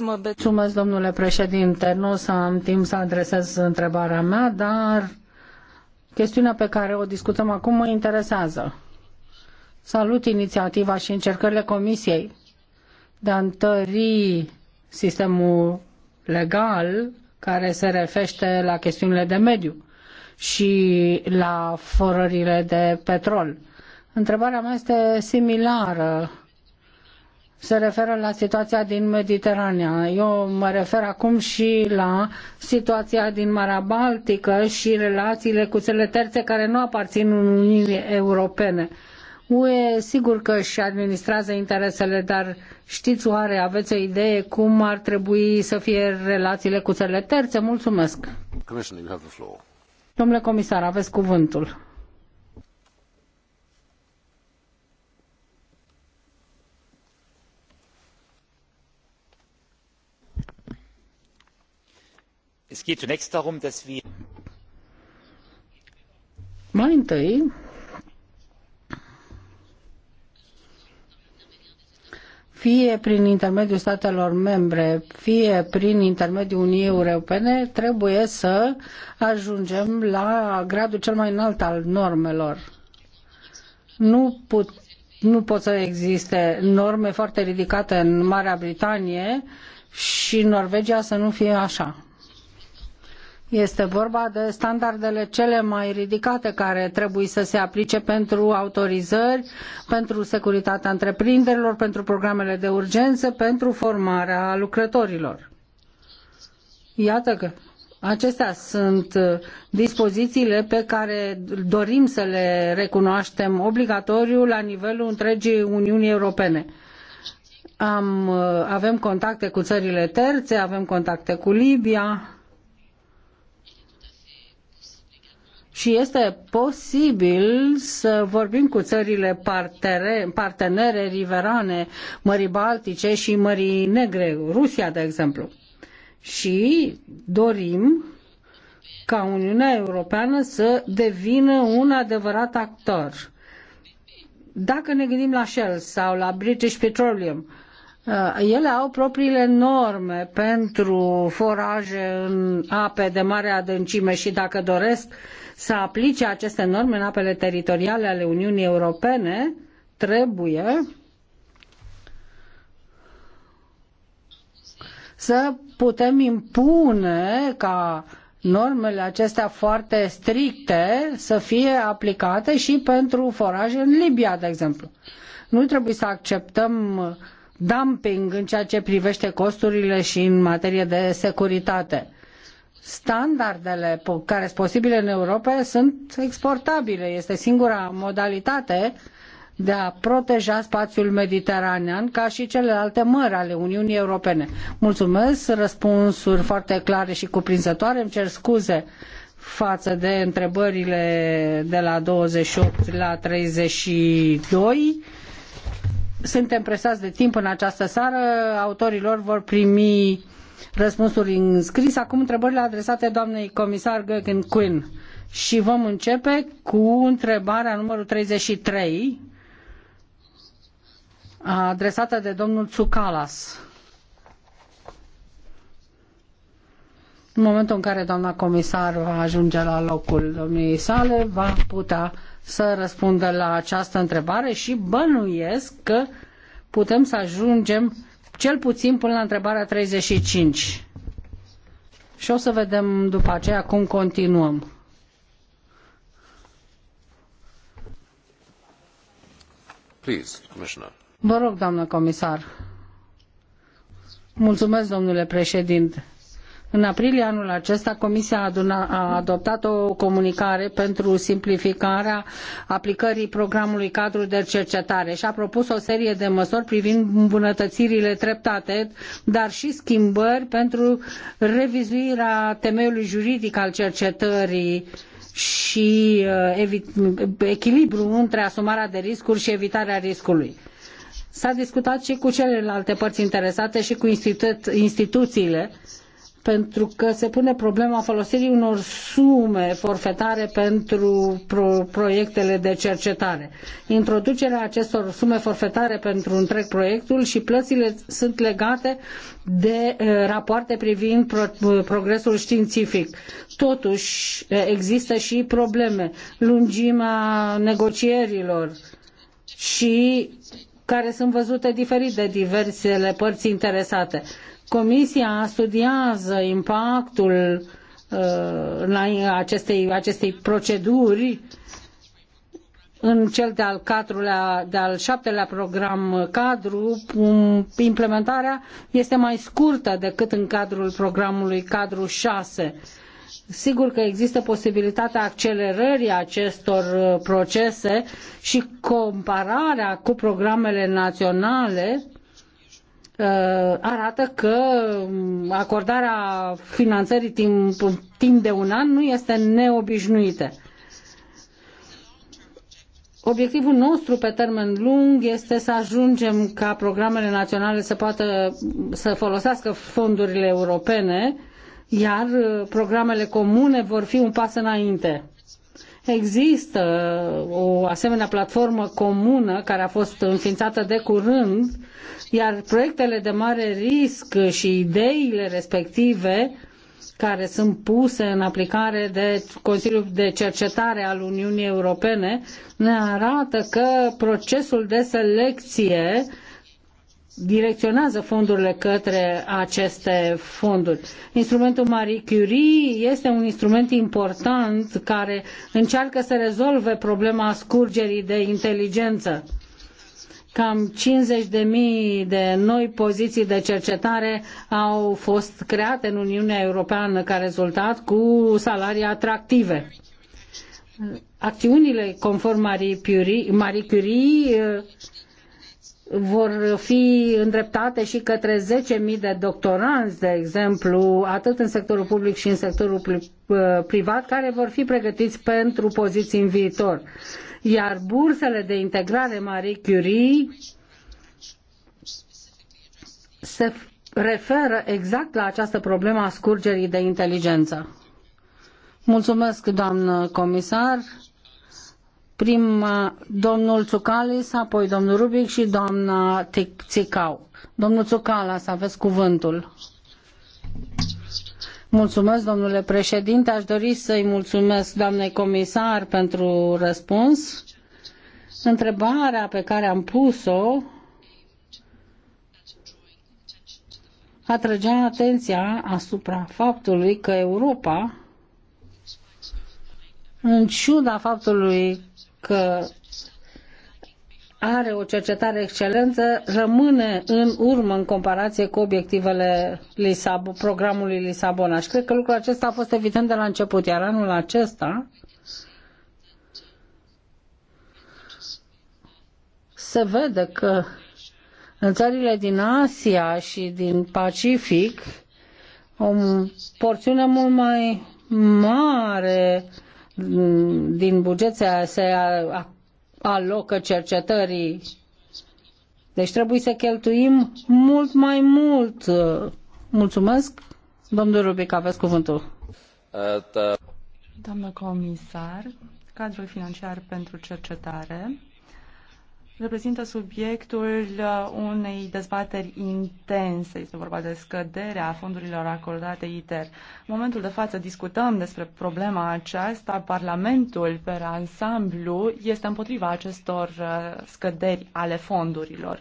Mulțumesc, domnule președinte, nu o să am timp să adresez întrebarea mea, dar chestiunea pe care o discutăm acum mă interesează. Salut inițiativa și încercările Comisiei de a întări sistemul legal care se refește la chestiunile de mediu și la forările de petrol. Întrebarea mea este similară. Se referă la situația din Mediterana. Eu mă refer acum și la situația din Marea Baltică și relațiile cu cele terțe care nu aparțin Uniunii Europene UE sigur că își administrează interesele, dar știți oare, aveți o idee cum ar trebui să fie relațiile cu țările terțe? Mulțumesc! Domnule comisar, aveți cuvântul.
Es geht zunächst darum, dass wir
mai întâi fie prin intermediul statelor membre, fie prin intermediul Uniunii Europene, trebuie să ajungem la gradul cel mai înalt al normelor. Nu put, nu pot să existe norme foarte ridicate în Marea Britanie și Norvegia să nu fie așa. Este vorba de standardele cele mai ridicate care trebuie să se aplice pentru autorizări, pentru securitatea întreprinderilor, pentru programele de urgență, pentru formarea lucrătorilor. Iată că Acestea sunt uh, dispozițiile pe care dorim să le recunoaștem obligatoriu la nivelul întregii Uniuni Europene. Am, uh, avem contacte cu țările terțe, avem contacte cu Libia, și este posibil să vorbim cu țările partere, partenere riverane Mării Baltice și Mării Negre, Rusia, de exemplu. Și dorim ca Uniunea Europeană să devină un adevărat actor. Dacă ne gândim la Shell sau la British Petroleum, uh, ele au propriile norme pentru foraje în ape de mare adâncime și dacă doresc să aplice aceste norme în apele teritoriale ale Uniunii Europene, trebuie să putem impune ca normele acestea foarte stricte să fie aplicate și pentru foraje în Libia, de exemplu. Nu trebuie să acceptăm dumping în ceea ce privește costurile și în materie de securitate standardele care sunt posibile în Europa sunt exportabile. Este singura modalitate de a proteja spațiul mediteranean ca și celelalte mări ale Uniunii Europene. Mulțumesc, răspunsuri foarte clare și cuprinzătoare. Îmi cer scuze față de întrebările de la 28 la 32. Suntem presați de timp în această seară. Autorii lor vor primi răspunsuri în scris. Acum întrebările adresate doamnei comisar Gögen Quinn. Și vom începe cu întrebarea numărul 33 adresată de domnul Tsukalas. În momentul în care doamna comisar va ajunge la locul domniei sale, va putea să răspundă la această întrebare și bănuiesc că putem să ajungem cel puțin până la întrebarea 35. Și o să vedem după aceea cum continuăm.
Please, Commissioner.
Vă rog, doamnă comisar. Mulțumesc, domnule președinte. În aprilie anul acesta, Comisia a, adoptat o comunicare pentru simplificarea aplicării programului cadru de cercetare și a propus o serie de măsuri privind îmbunătățirile treptate, dar și schimbări pentru revizuirea temeiului juridic al cercetării și uh, echilibru între asumarea de riscuri și evitarea riscului. S-a discutat și cu celelalte părți interesate și cu institu- instituțiile pentru că se pune problema folosirii unor sume forfetare pentru pro proiectele de cercetare. Introducerea acestor sume forfetare pentru întreg proiectul și plățile sunt legate de eh, rapoarte privind pro progresul științific. Totuși eh, există și probleme. Lungimea negocierilor și care sunt văzute diferit de diversele părți interesate. Comisia studiază impactul uh, acestei, acestei proceduri în cel de-al patrulea, de-al șaptelea program cadru, um, implementarea este mai scurtă decât în cadrul programului cadru 6. Sigur că există posibilitatea accelerării acestor uh, procese și compararea cu programele naționale Uh, arată că um, acordarea finanțării timp, timp de un an nu este neobișnuită. Obiectivul nostru pe termen lung este să ajungem ca programele naționale să poată să folosească fondurile europene, iar uh, programele comune vor fi un pas înainte. Există o asemenea platformă comună care a fost înființată de curând, iar proiectele de mare risc și ideile respective care sunt puse în aplicare de Consiliul de Cercetare al Uniunii Europene ne arată că procesul de selecție uh, direcționează fondurile către aceste fonduri. Instrumentul Marie Curie este un instrument important care încearcă să rezolve problema scurgerii de inteligență. Cam 50.000 de noi poziții de cercetare au fost create în Uniunea Europeană ca rezultat cu salarii atractive. Acțiunile conform Marie Curie, Marie Curie vor fi îndreptate și către 10.000 de doctoranți, de exemplu, atât în sectorul public și în sectorul uh, privat, care vor fi pregătiți pentru poziții în viitor. Iar bursele de integrare Marie Curie se referă exact la această problemă a scurgerii de inteligență. Mulțumesc, doamnă comisar. Prima, domnul Tsukalis, apoi domnul Rubic și doamna Țicau. Domnul să aveți cuvântul. Mulțumesc, domnule președinte. Aș dori să-i mulțumesc, doamnei comisar, pentru răspuns. Întrebarea pe care am pus-o atrăgea atenția asupra faptului că Europa, în ciuda faptului că are o cercetare excelentă, rămâne în urmă în comparație cu obiectivele Lisab- programului Lisabona. Și cred că lucrul acesta a fost evident de la început, iar anul acesta se vede că în țările din Asia și din Pacific o porțiune mult mai mare din buget se, se alocă cercetării. Deci trebuie să cheltuim mult mai mult. Mulțumesc. Domnul Rubic, aveți cuvântul.
Doamnă comisar, cadrul financiar pentru cercetare reprezintă subiectul uh, unei dezbateri intense. Este vorba de scăderea fondurilor acordate ITER. În momentul de față discutăm despre problema aceasta. Parlamentul, pe ansamblu, este împotriva acestor uh, scăderi ale fondurilor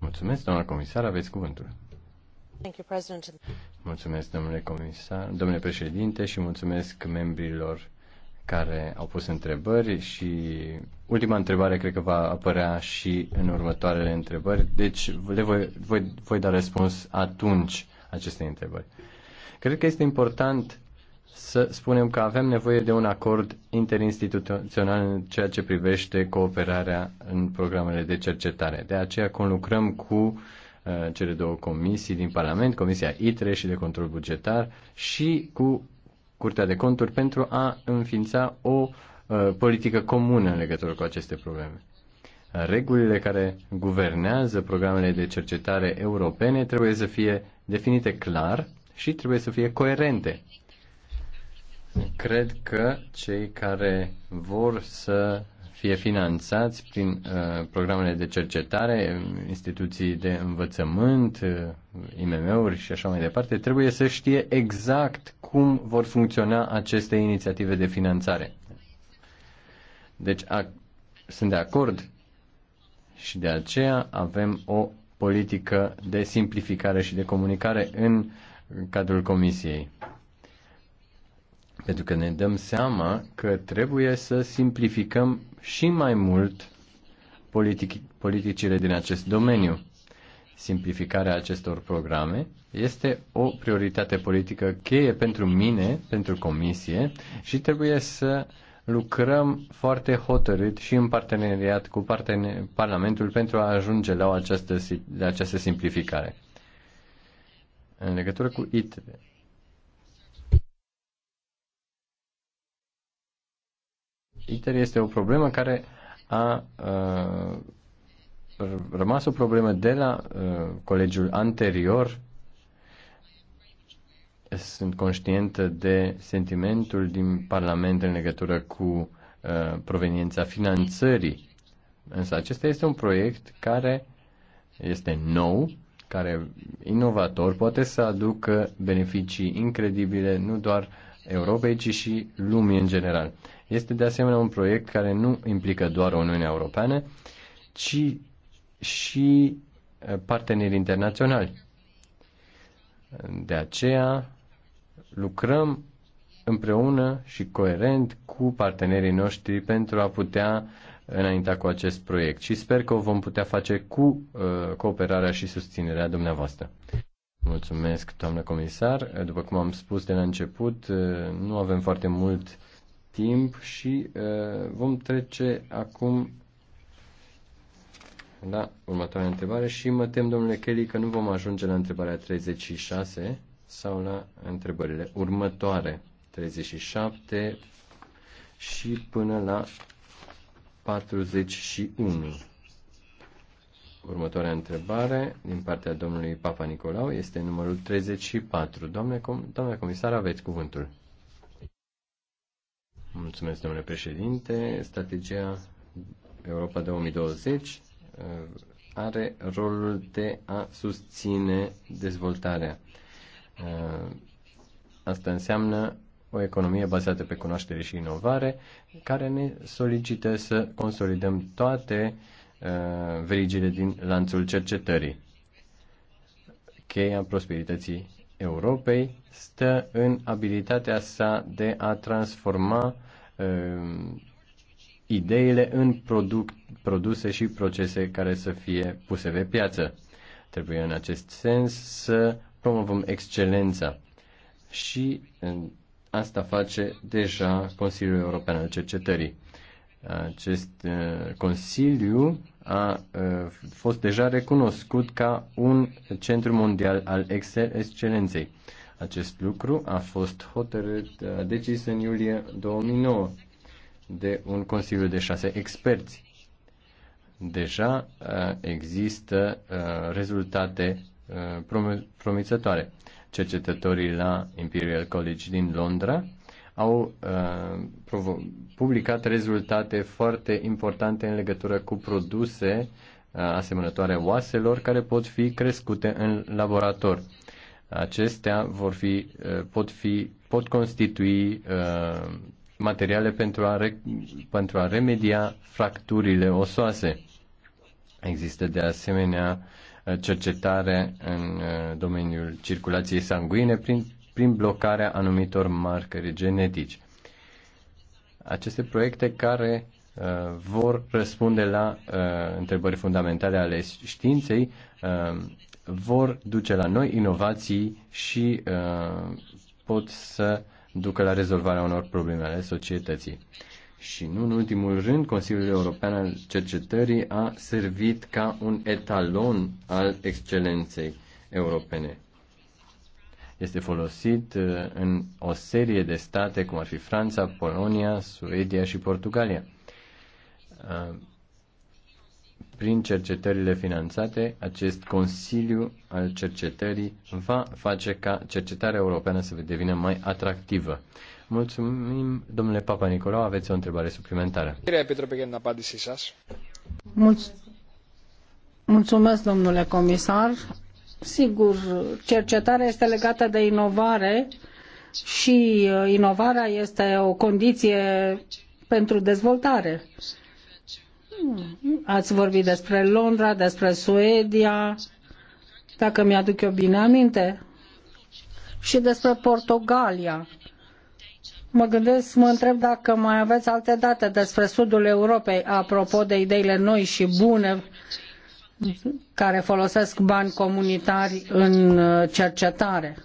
Mulțumesc, doamna comisar, aveți cuvântul. Thank you, President. Mulțumesc, domnule comisar, domnule președinte, și mulțumesc membrilor care au pus întrebări și ultima întrebare cred că va apărea și în următoarele întrebări, deci le voi, voi, voi da răspuns atunci acestei întrebări. Cred că este important să spunem că avem nevoie de un acord interinstituțional în ceea ce privește cooperarea în programele de cercetare. De aceea conlucrăm cu uh, cele două comisii din Parlament, Comisia ITRE și de control bugetar și cu Curtea de Conturi pentru a înființa o uh, politică comună în legătură cu aceste probleme. Regulile care guvernează programele de cercetare europene trebuie să fie definite clar și trebuie să fie coerente. Cred că cei care vor să fie finanțați prin uh, programele de cercetare, instituții de învățământ, uh, IMM-uri și așa mai departe, trebuie să știe exact cum vor funcționa aceste inițiative de finanțare. Deci a, sunt de acord și de aceea avem o politică de simplificare și de comunicare în cadrul Comisiei. Pentru că ne dăm seama că trebuie să simplificăm și mai mult politic, politicile din acest domeniu. Simplificarea acestor programe este o prioritate politică cheie pentru mine, pentru Comisie și trebuie să lucrăm foarte hotărât și în parteneriat cu partene- Parlamentul pentru a ajunge la această, la această simplificare. În legătură cu ITRE, ITER este o problemă care a rămas o problemă de la colegiul anterior. Sunt conștientă de sentimentul din Parlament în legătură cu proveniența finanțării. Însă acesta este un proiect care este nou, care inovator, poate să aducă beneficii incredibile nu doar uh, Europei, ci și lumii în general. Este de asemenea un proiect care nu implică doar Uniunea Europeană, ci și eh, parteneri internaționali. De aceea lucrăm împreună și coerent cu partenerii noștri pentru a putea înainta cu acest proiect și sper că o vom putea face cu uh, cooperarea și susținerea dumneavoastră. Mulțumesc, doamnă comisar. După cum am spus de la început, eh, nu avem foarte mult timp și eh, vom trece acum la următoarea întrebare și mă tem, domnule Kelly, că nu vom ajunge la întrebarea 36 sau la întrebările următoare, 37 și până la 41. Următoarea întrebare din partea domnului Papa Nicolau este numărul 34. Doamne, com- doamne comisar, aveți cuvântul. Mulțumesc, domnule președinte. Strategia Europa 2020 uh, are rolul de a susține dezvoltarea. Uh, asta înseamnă o economie bazată pe cunoaștere și inovare, care ne solicită să consolidăm toate uh, Uh, verigile din lanțul cercetării. Cheia prosperității Europei stă în abilitatea sa de a transforma uh, ideile în produc, produse și procese care să fie puse pe piață. Trebuie în acest sens să promovăm excelența și uh, asta face deja Consiliul European al Cercetării. Acest Consiliu a fost deja recunoscut ca un centru mondial al excelenței. Acest lucru a fost hotărât, uh, decis în iulie 2009 de un consiliu de șase experți. Deja există rezultate promițătoare. Cercetătorii la Imperial College din Londra au uh, publicat rezultate foarte importante în legătură cu produse uh, asemănătoare oaselor care pot fi crescute în laborator. Acestea vor fi, uh, pot, fi, pot constitui uh, materiale pentru a, re, pentru a remedia fracturile osoase. Există de asemenea uh, cercetare în uh, domeniul circulației sanguine prin prin blocarea anumitor marcări genetici. Aceste proiecte care uh, vor răspunde la uh, întrebări fundamentale ale științei uh, vor duce la noi inovații și uh, pot să ducă la rezolvarea unor probleme ale societății. Și nu în ultimul rând, Consiliul European al Cercetării a servit ca un etalon al excelenței europene. Este folosit uh, în o serie de state, cum ar fi Franța, Polonia, Suedia și Portugalia. Uh, prin cercetările finanțate, acest Consiliu al Cercetării va face ca cercetarea europeană să devină mai atractivă. Mulțumim, domnule Papa Nicolau, aveți o întrebare suplimentară.
Mulțumesc, domnule comisar. Sigur, cercetarea este legată de inovare și uh, inovarea este o condiție pentru dezvoltare. Hmm. Ați vorbit despre Londra, despre Suedia, dacă mi-aduc eu bine aminte, și despre Portugalia. Mă gândesc, mă întreb dacă mai aveți alte date despre sudul Europei, apropo de ideile noi și bune care folosesc bani comunitari în uh, cercetare.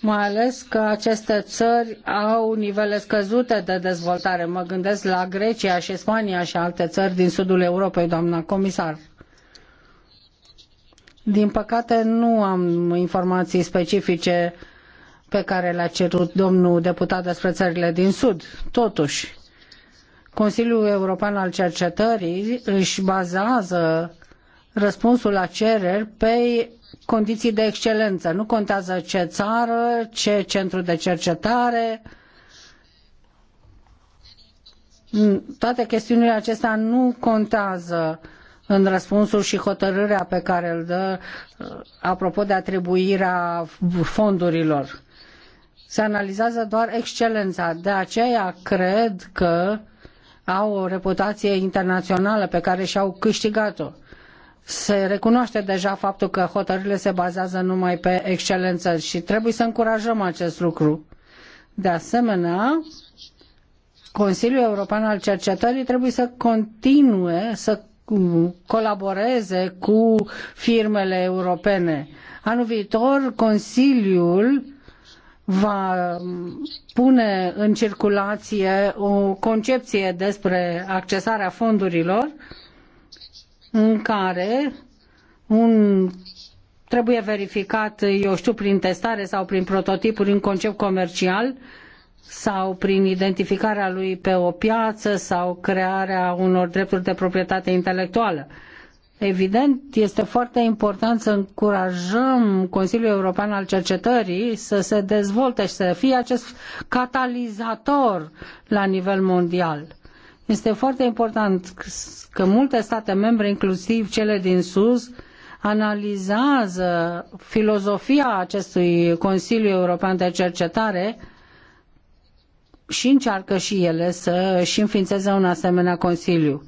Mai ales că aceste țări au nivele scăzute de dezvoltare. Mă gândesc la Grecia și Spania și alte țări din sudul Europei, doamna comisar. Din păcate nu am informații specifice pe care le-a cerut domnul deputat despre țările din Sud. Totuși, Consiliul European al Cercetării își bazează răspunsul la cereri pe condiții de excelență. Nu contează ce țară, ce centru de cercetare. Toate chestiunile acestea nu contează în răspunsul și hotărârea pe care îl dă apropo de atribuirea fondurilor. Se analizează doar excelența. De aceea cred că au o reputație internațională pe care și-au câștigat-o. Se recunoaște deja faptul că hotărârile se bazează numai pe excelență și trebuie să încurajăm acest lucru. De asemenea, Consiliul European al Cercetării trebuie să continue să colaboreze cu firmele europene. Anul viitor, Consiliul va pune în circulație o concepție despre accesarea fondurilor în care un trebuie verificat, eu știu, prin testare sau prin prototipuri în concept comercial sau prin identificarea lui pe o piață sau crearea unor drepturi de proprietate intelectuală. Uh, Evident, este foarte important să încurajăm Consiliul European al Cercetării să se dezvolte și să fie acest catalizator la nivel mondial. Este foarte important că multe state membre, inclusiv cele din sus, analizează filozofia acestui Consiliu European de Cercetare și încearcă și ele să și înființeze un asemenea Consiliu.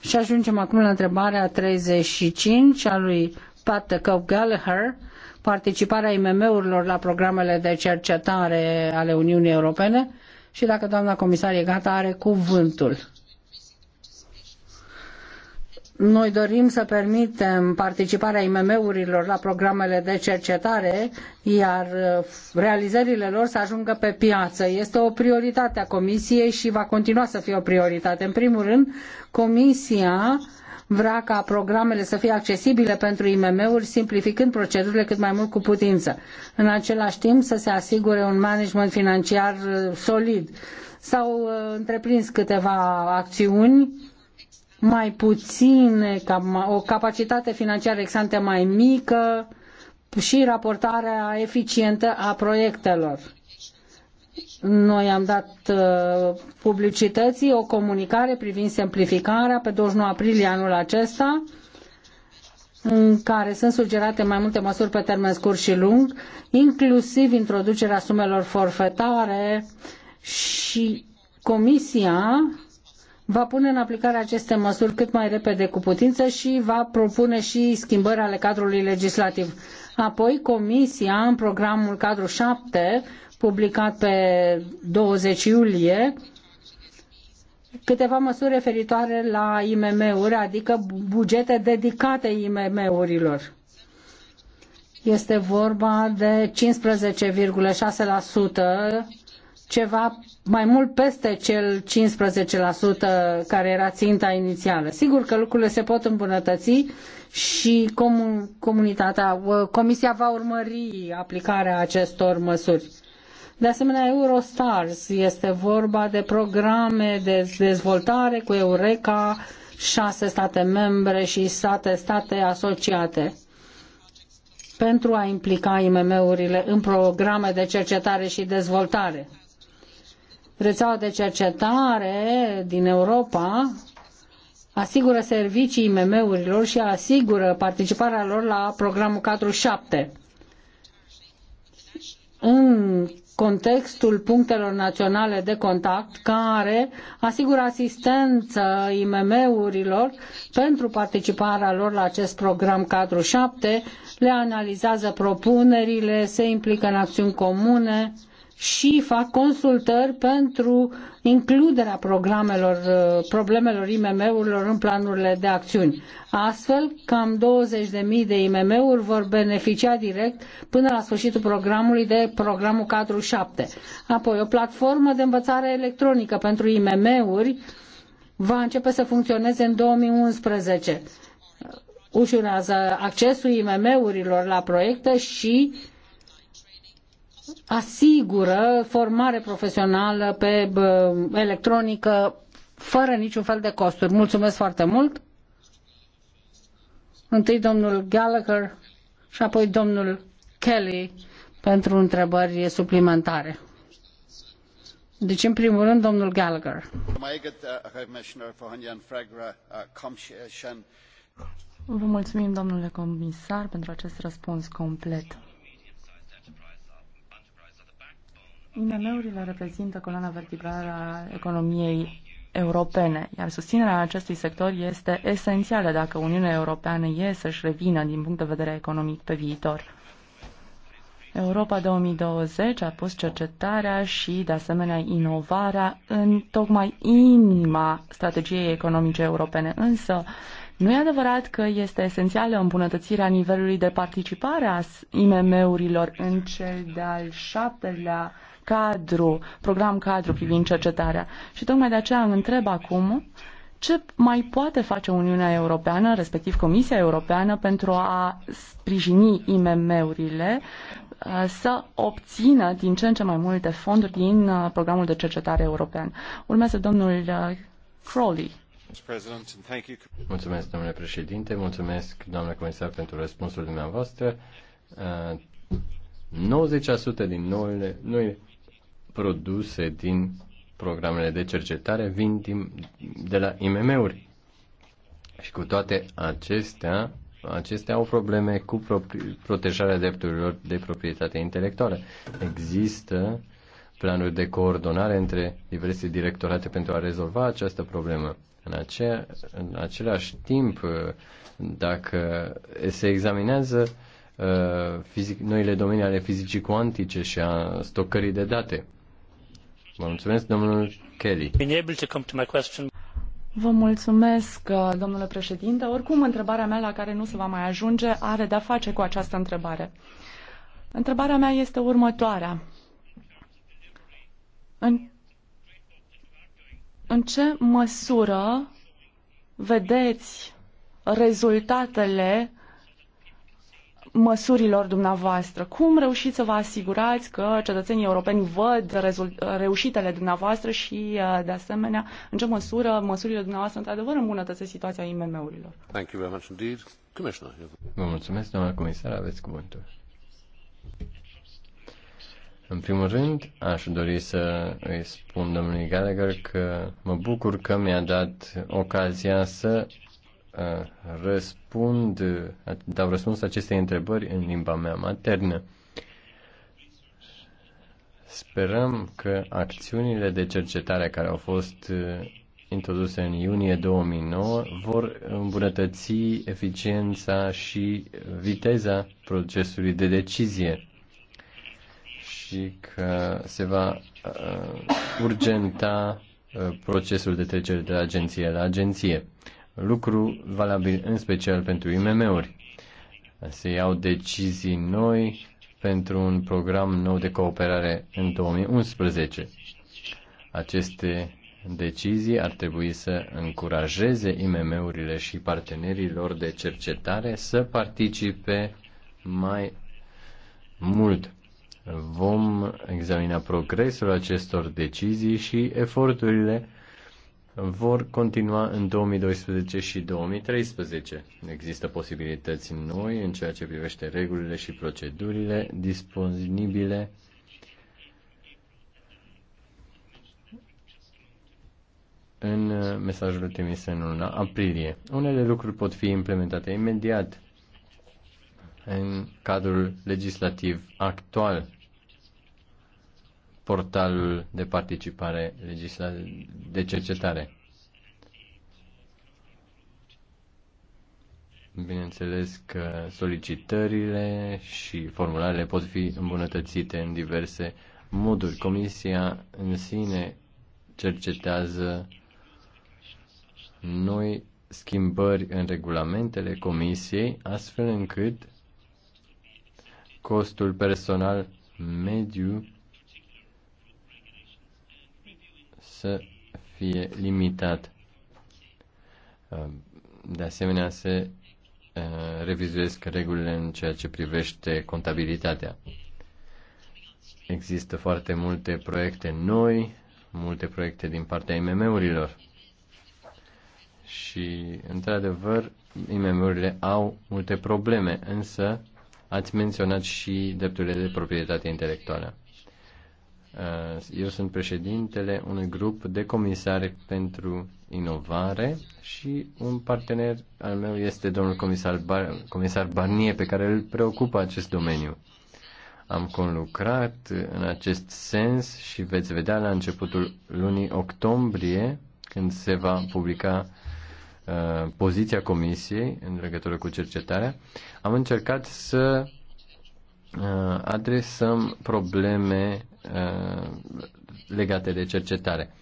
Și ajungem acum la întrebarea 35 a lui Pat Cove Gallagher, participarea IMM-urilor la programele de cercetare ale Uniunii Europene și dacă doamna comisar e gata, are cuvântul. Noi dorim să permitem participarea IMM-urilor la programele de cercetare, iar uh, realizările lor să ajungă pe piață. Este o prioritate a Comisiei și va continua să fie o prioritate. În primul rând, Comisia vrea ca programele să fie accesibile pentru IMM-uri, simplificând procedurile cât mai mult cu putință. În același timp, să se asigure un management financiar uh, solid. S-au uh, întreprins câteva acțiuni mai puține, o capacitate financiară exante mai mică și raportarea eficientă a proiectelor. Noi am dat uh, publicității o comunicare privind simplificarea pe 29 aprilie anul acesta în care sunt sugerate mai multe măsuri pe termen scurt și lung, inclusiv introducerea sumelor forfetare și Comisia va pune în aplicare aceste măsuri cât mai repede cu putință și va propune și schimbări ale cadrului legislativ. Apoi, Comisia, în programul cadru 7, publicat pe 20 iulie, câteva măsuri referitoare la IMM-uri, adică bugete dedicate IMM-urilor. Este vorba de 15,6% ceva mai mult peste cel 15% care era ținta inițială. Sigur că lucrurile se pot îmbunătăți și comunitatea, uh, comisia va urmări aplicarea acestor măsuri. De asemenea, Eurostars este vorba de programe de dezvoltare cu Eureka, șase state membre și state, state asociate pentru a implica IMM-urile în programe de cercetare și dezvoltare. Rețeaua de cercetare din Europa asigură servicii IMM-urilor și asigură participarea lor la programul 47. În contextul punctelor naționale de contact care asigură asistență IMM-urilor pentru participarea lor la acest program 4.7, 7, le analizează propunerile, se implică în acțiuni comune, și fac consultări pentru includerea programelor, uh, problemelor IMM-urilor în planurile de acțiuni. Astfel, cam 20.000 de IMM-uri vor beneficia direct până la sfârșitul programului de programul cadru 7. Apoi, o platformă de învățare electronică pentru IMM-uri va începe să funcționeze în 2011. Ușurează accesul IMM-urilor la proiecte și asigură formare profesională pe electronică fără niciun fel de costuri. Mulțumesc foarte mult! Întâi domnul Gallagher și apoi domnul Kelly pentru întrebări suplimentare. Deci, în primul rând, domnul Gallagher.
Uh, uh,
Vă mulțumim, domnule comisar, pentru acest răspuns complet. IMM-urile reprezintă coloana vertebrală a economiei europene, iar susținerea acestui sector este esențială dacă Uniunea Europeană e să-și revină din punct de vedere economic pe viitor. Europa 2020 a pus cercetarea și, de asemenea, inovarea în tocmai inima strategiei economice europene. Însă, nu e adevărat că este esențială îmbunătățirea nivelului de participare a IMM-urilor în cel de-al șaptelea cadru, program cadru privind cercetarea. Și tocmai de aceea întreb acum ce mai poate face Uniunea Europeană, respectiv Comisia Europeană, pentru a sprijini IMM-urile uh, să obțină din ce în ce mai multe fonduri din uh, programul de cercetare european. Urmează domnul uh, Crowley.
Mulțumesc, domnule președinte, mulțumesc, doamnă comisar, pentru răspunsul dumneavoastră. 90% din noile, noile produse din programele de cercetare vin din, de la IMM-uri. Și cu toate acestea, acestea au probleme cu protejarea drepturilor de proprietate intelectuală. Există planuri de coordonare între diverse directorate pentru a rezolva această problemă. În, acea, în același timp, dacă se examinează uh, fizic, noile domenii ale fizicii cuantice și a stocării de date, Vă mulțumesc, domnul Kelly.
Vă mulțumesc, uh, domnule președinte. Oricum, întrebarea mea la care nu se va mai ajunge are de-a face cu această întrebare. Întrebarea mea este următoarea. În, în ce măsură vedeți rezultatele măsurilor dumneavoastră? Cum reușiți să vă asigurați că cetățenii europeni văd reușitele dumneavoastră și, uh, de asemenea, în ce măsură măsurile dumneavoastră într-adevăr îmbunătățesc situația IMM-urilor?
Thank you very much indeed. Commissioner. Vă mulțumesc, doamna comisar, aveți cuvântul. În primul rând, aș dori să îi spun domnului Gallagher că mă bucur că mi-a dat ocazia să răspund, dau răspuns acestei întrebări în limba mea maternă. Sperăm că acțiunile de cercetare care au fost uh, introduse în iunie 2009 vor îmbunătăți eficiența și viteza procesului de decizie și că se va uh, urgenta uh, procesul de trecere de la agenție la agenție lucru valabil în special pentru IMM-uri. Se iau decizii noi pentru un program nou de cooperare în 2011. Aceste decizii ar trebui să încurajeze IMM-urile și partenerii lor de cercetare să participe mai mult. Vom examina progresul acestor decizii și eforturile vor continua în 2012 și 2013. Există posibilități noi în ceea ce privește regulile și procedurile disponibile în mesajul trimis în luna aprilie. Unele lucruri pot fi implementate imediat în cadrul legislativ actual portalul de participare legisla- de cercetare. Bineînțeles că solicitările și formularele pot fi îmbunătățite în diverse moduri. Comisia în sine cercetează noi schimbări în regulamentele Comisiei, astfel încât costul personal mediu să fie limitat. Ehm, de asemenea, se ehm, revizuiesc regulile în ceea ce privește contabilitatea. Există foarte multe proiecte noi, multe proiecte din partea IMM-urilor. Și, într-adevăr, IMM-urile au multe probleme, însă ați menționat și drepturile de proprietate intelectuală. Uh, eu sunt președintele unui grup de comisari pentru inovare și un partener al meu este domnul comisar, Bar- comisar Barnier, pe care îl preocupă acest domeniu. Am conlucrat în acest sens și veți vedea la începutul lunii octombrie, când se va publica uh, poziția comisiei în legătură cu cercetarea, am încercat să uh, adresăm probleme Uh, legate de cercetare.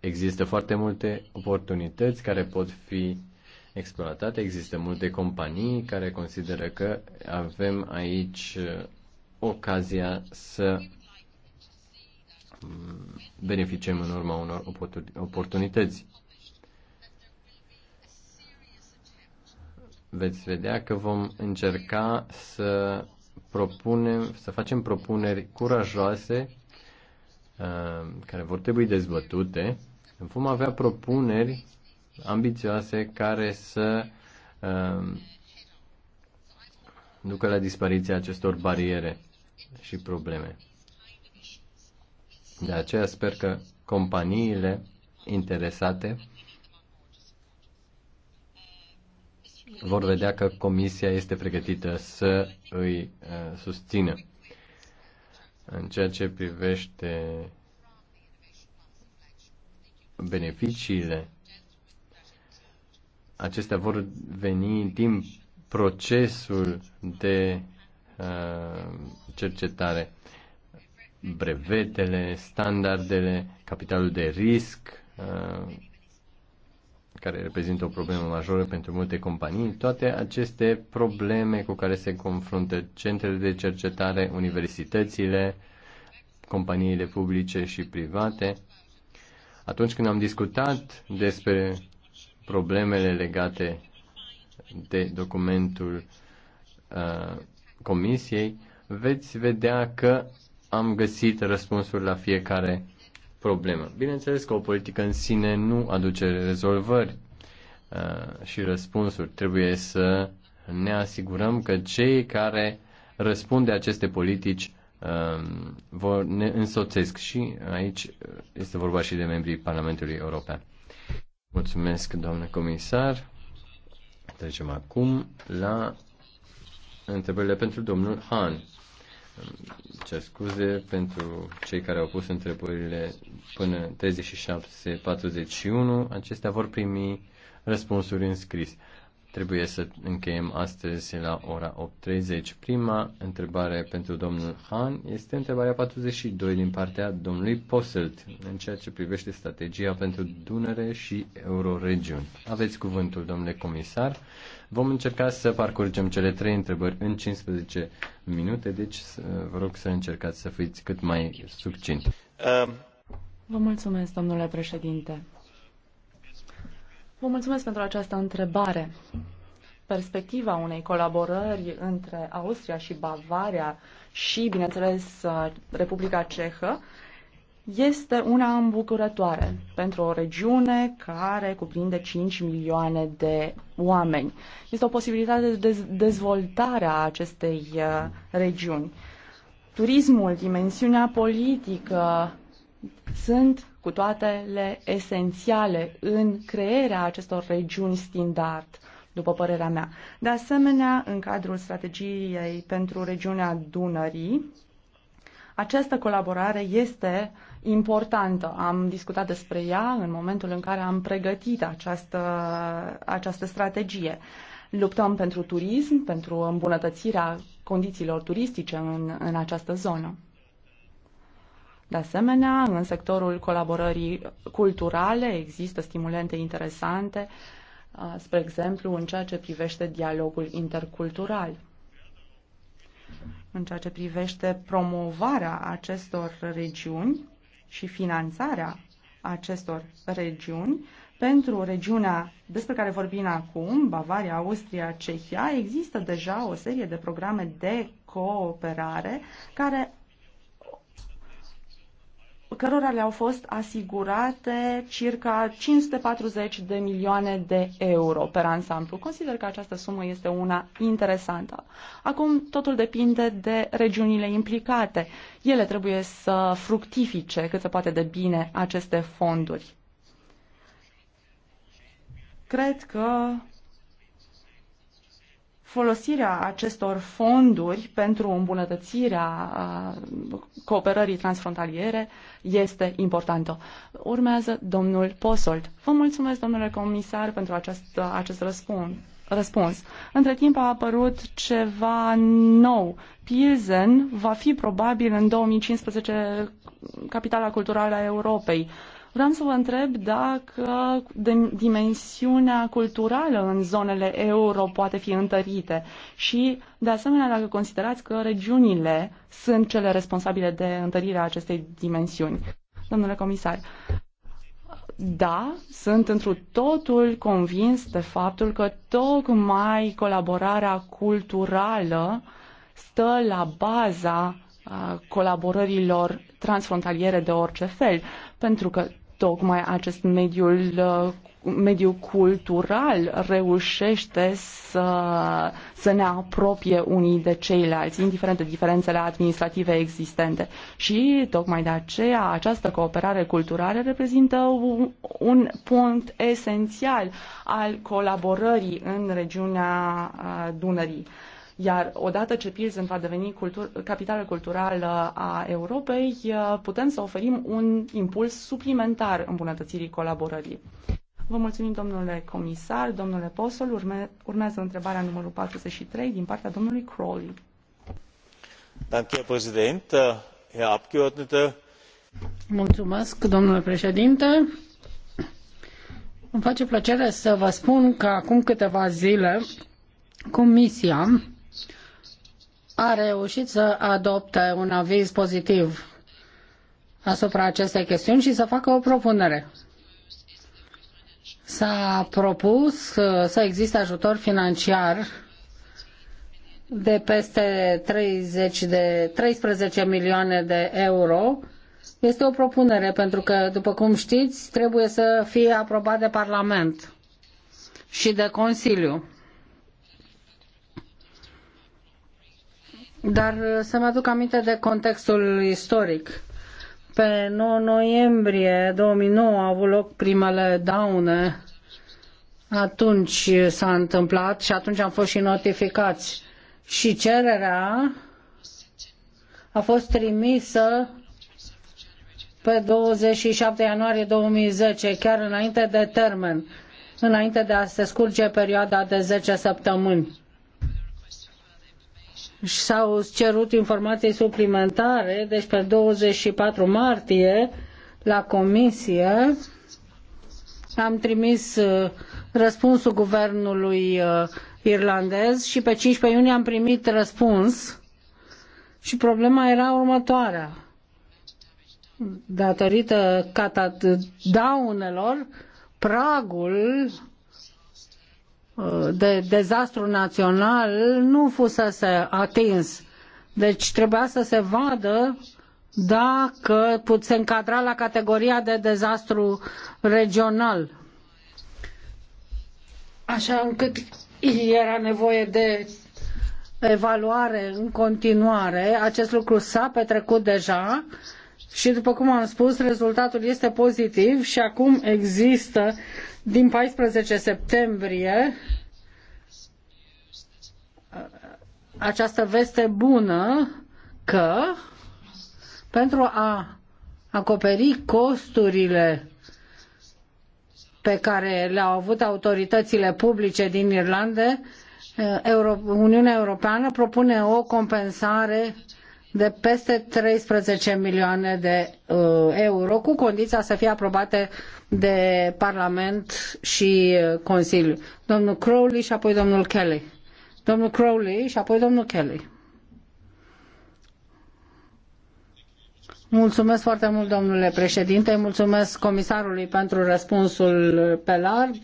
Există foarte multe oportunități care pot fi exploatate, există multe companii care consideră că avem aici uh, ocazia să mm, beneficiem în urma unor oportunități. Veți vedea că vom încerca să propunem, să facem propuneri curajoase uh, care vor trebui dezbătute. Vom avea propuneri ambițioase care să uh, ducă la dispariția acestor bariere și probleme. De aceea sper că companiile interesate vor vedea că Comisia este pregătită să îi uh, susțină. În ceea ce privește beneficiile, acestea vor veni din procesul de uh, cercetare. Brevetele, standardele, capitalul de risc, uh, care reprezintă o problemă majoră pentru multe companii, toate aceste probleme cu care se confruntă centrele de cercetare, universitățile, companiile publice și private. Atunci când am discutat despre problemele legate de documentul uh, comisiei, veți vedea că am găsit răspunsuri la fiecare problemă. Bineînțeles că o politică în sine nu aduce rezolvări uh, și răspunsuri. Trebuie să ne asigurăm că cei care răspund de aceste politici uh, vor, ne însoțesc și aici este vorba și de membrii Parlamentului European. Mulțumesc, doamnă comisar. Trecem acum la întrebările pentru domnul Han cer scuze pentru cei care au pus întrebările până 37-41. Acestea vor primi răspunsuri în scris. Trebuie să încheiem astăzi la ora 8.30. Prima întrebare pentru domnul Han este întrebarea 42 din partea domnului Poselt, în ceea ce privește strategia pentru Dunăre și Euroregiuni. Aveți cuvântul, domnule comisar. Vom încerca să parcurgem cele trei întrebări în 15 minute, deci vă rog să încercați să fiți cât mai succint. Um,
vă mulțumesc, domnule președinte. Vă mulțumesc pentru această întrebare. Perspectiva unei colaborări între Austria și Bavaria și, bineînțeles, Republica Cehă este una îmbucurătoare pentru o regiune care cuprinde 5 milioane de oameni. Este o posibilitate de dezvoltare a acestei uh, regiuni. Turismul, dimensiunea politică sunt cu toatele esențiale în crearea acestor regiuni standard după părerea mea. De asemenea, în cadrul strategiei pentru regiunea Dunării, această colaborare este uh, importantă. Am discutat despre ea în momentul în care am pregătit această, această strategie. Luptăm pentru turism, pentru îmbunătățirea condițiilor turistice în, în această zonă. De asemenea, în sectorul colaborării culturale există stimulente interesante, uh, spre exemplu, în ceea ce privește dialogul intercultural în ceea ce privește promovarea acestor regiuni, și finanțarea acestor regiuni. Pentru regiunea despre care vorbim acum, Bavaria, Austria, Cehia, există deja o serie de programe de cooperare care cărora le-au fost asigurate circa 540 de milioane de euro per ansamblu. Consider că această sumă este una interesantă. Acum totul depinde de regiunile implicate. Ele trebuie să fructifice cât se poate de bine aceste fonduri. Cred că folosirea acestor fonduri pentru îmbunătățirea cooperării transfrontaliere este importantă. Urmează domnul Posold. Vă mulțumesc, domnule comisar, pentru acest, acest răspuns. Răspuns. Între timp a apărut ceva nou. Pilsen va fi probabil în 2015 capitala culturală a Europei. Uh, Vreau să vă întreb dacă dimensiunea culturală în zonele euro poate fi întărite și, de asemenea, dacă considerați că regiunile sunt cele responsabile de întărirea acestei dimensiuni. Domnule comisar, da, sunt întru totul convins de faptul că tocmai colaborarea culturală stă la baza colaborărilor transfrontaliere de orice fel, pentru că tocmai acest mediul, uh, mediul cultural reușește să, să ne apropie unii de ceilalți, indiferent de diferențele administrative existente. Și tocmai de aceea această cooperare culturală reprezintă un, un punct esențial al colaborării în regiunea uh, Dunării. Iar odată ce Pilsen va deveni cultur, capitală culturală a Europei, uh, putem să oferim un impuls suplimentar îmbunătățirii colaborării. Vă mulțumim, domnule comisar, domnule Posol. Urme, urmează întrebarea numărul 43 din partea domnului Crowley.
Danke, Präsident. Äh, Herr Abgeordnete.
Mulțumesc, domnule președinte. Îmi face plăcere să vă spun că acum câteva zile Comisia a reușit să adopte un aviz pozitiv asupra acestei chestiuni și să facă o propunere. S-a propus uh, să existe ajutor financiar de peste 30 de 13 milioane de euro. Este o propunere pentru că, după cum știți, trebuie să fie aprobat de Parlament și de Consiliu. Dar uh, să-mi aduc aminte de contextul istoric. Pe 9 noiembrie 2009 au avut loc primele daune. Atunci s-a întâmplat și atunci am fost și notificați. Și cererea a fost trimisă pe 27 ianuarie 2010, chiar înainte de termen, înainte de a se scurge perioada de zece săptămâni s-au cerut informații suplimentare, deci pe 24 martie la comisie am trimis uh, răspunsul guvernului uh, irlandez și pe 15 iunie am primit răspuns și problema era următoarea. Datorită daunelor, pragul de dezastru național nu fusese atins. Deci trebuia să se vadă dacă se încadra la categoria de dezastru regional. Așa încât era nevoie de evaluare în continuare. Acest lucru s-a petrecut deja și după cum am spus, rezultatul este pozitiv și acum există din 14 septembrie această veste bună că pentru a acoperi costurile pe care le-au avut autoritățile publice din Irlanda, Uniunea Europeană propune o compensare uh, de peste 13 milioane de uh, euro, cu condiția să fie aprobate de Parlament și uh, Consiliu. Domnul Crowley și apoi domnul Kelly. Domnul Crowley și apoi domnul Kelly. Mulțumesc foarte mult, domnule președinte, mulțumesc comisarului pentru răspunsul uh, pe larg.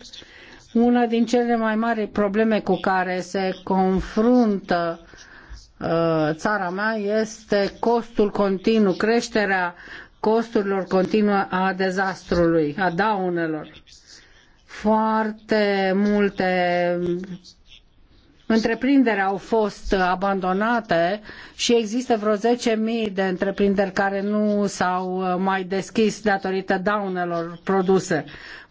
Una din cele mai mari probleme cu care se confruntă Uh, țara mea este costul continuu, creșterea costurilor continuă a dezastrului, a daunelor. Foarte multe întreprinderi au fost abandonate și există vreo 10.000 de întreprinderi care nu s-au uh, mai deschis datorită daunelor produse.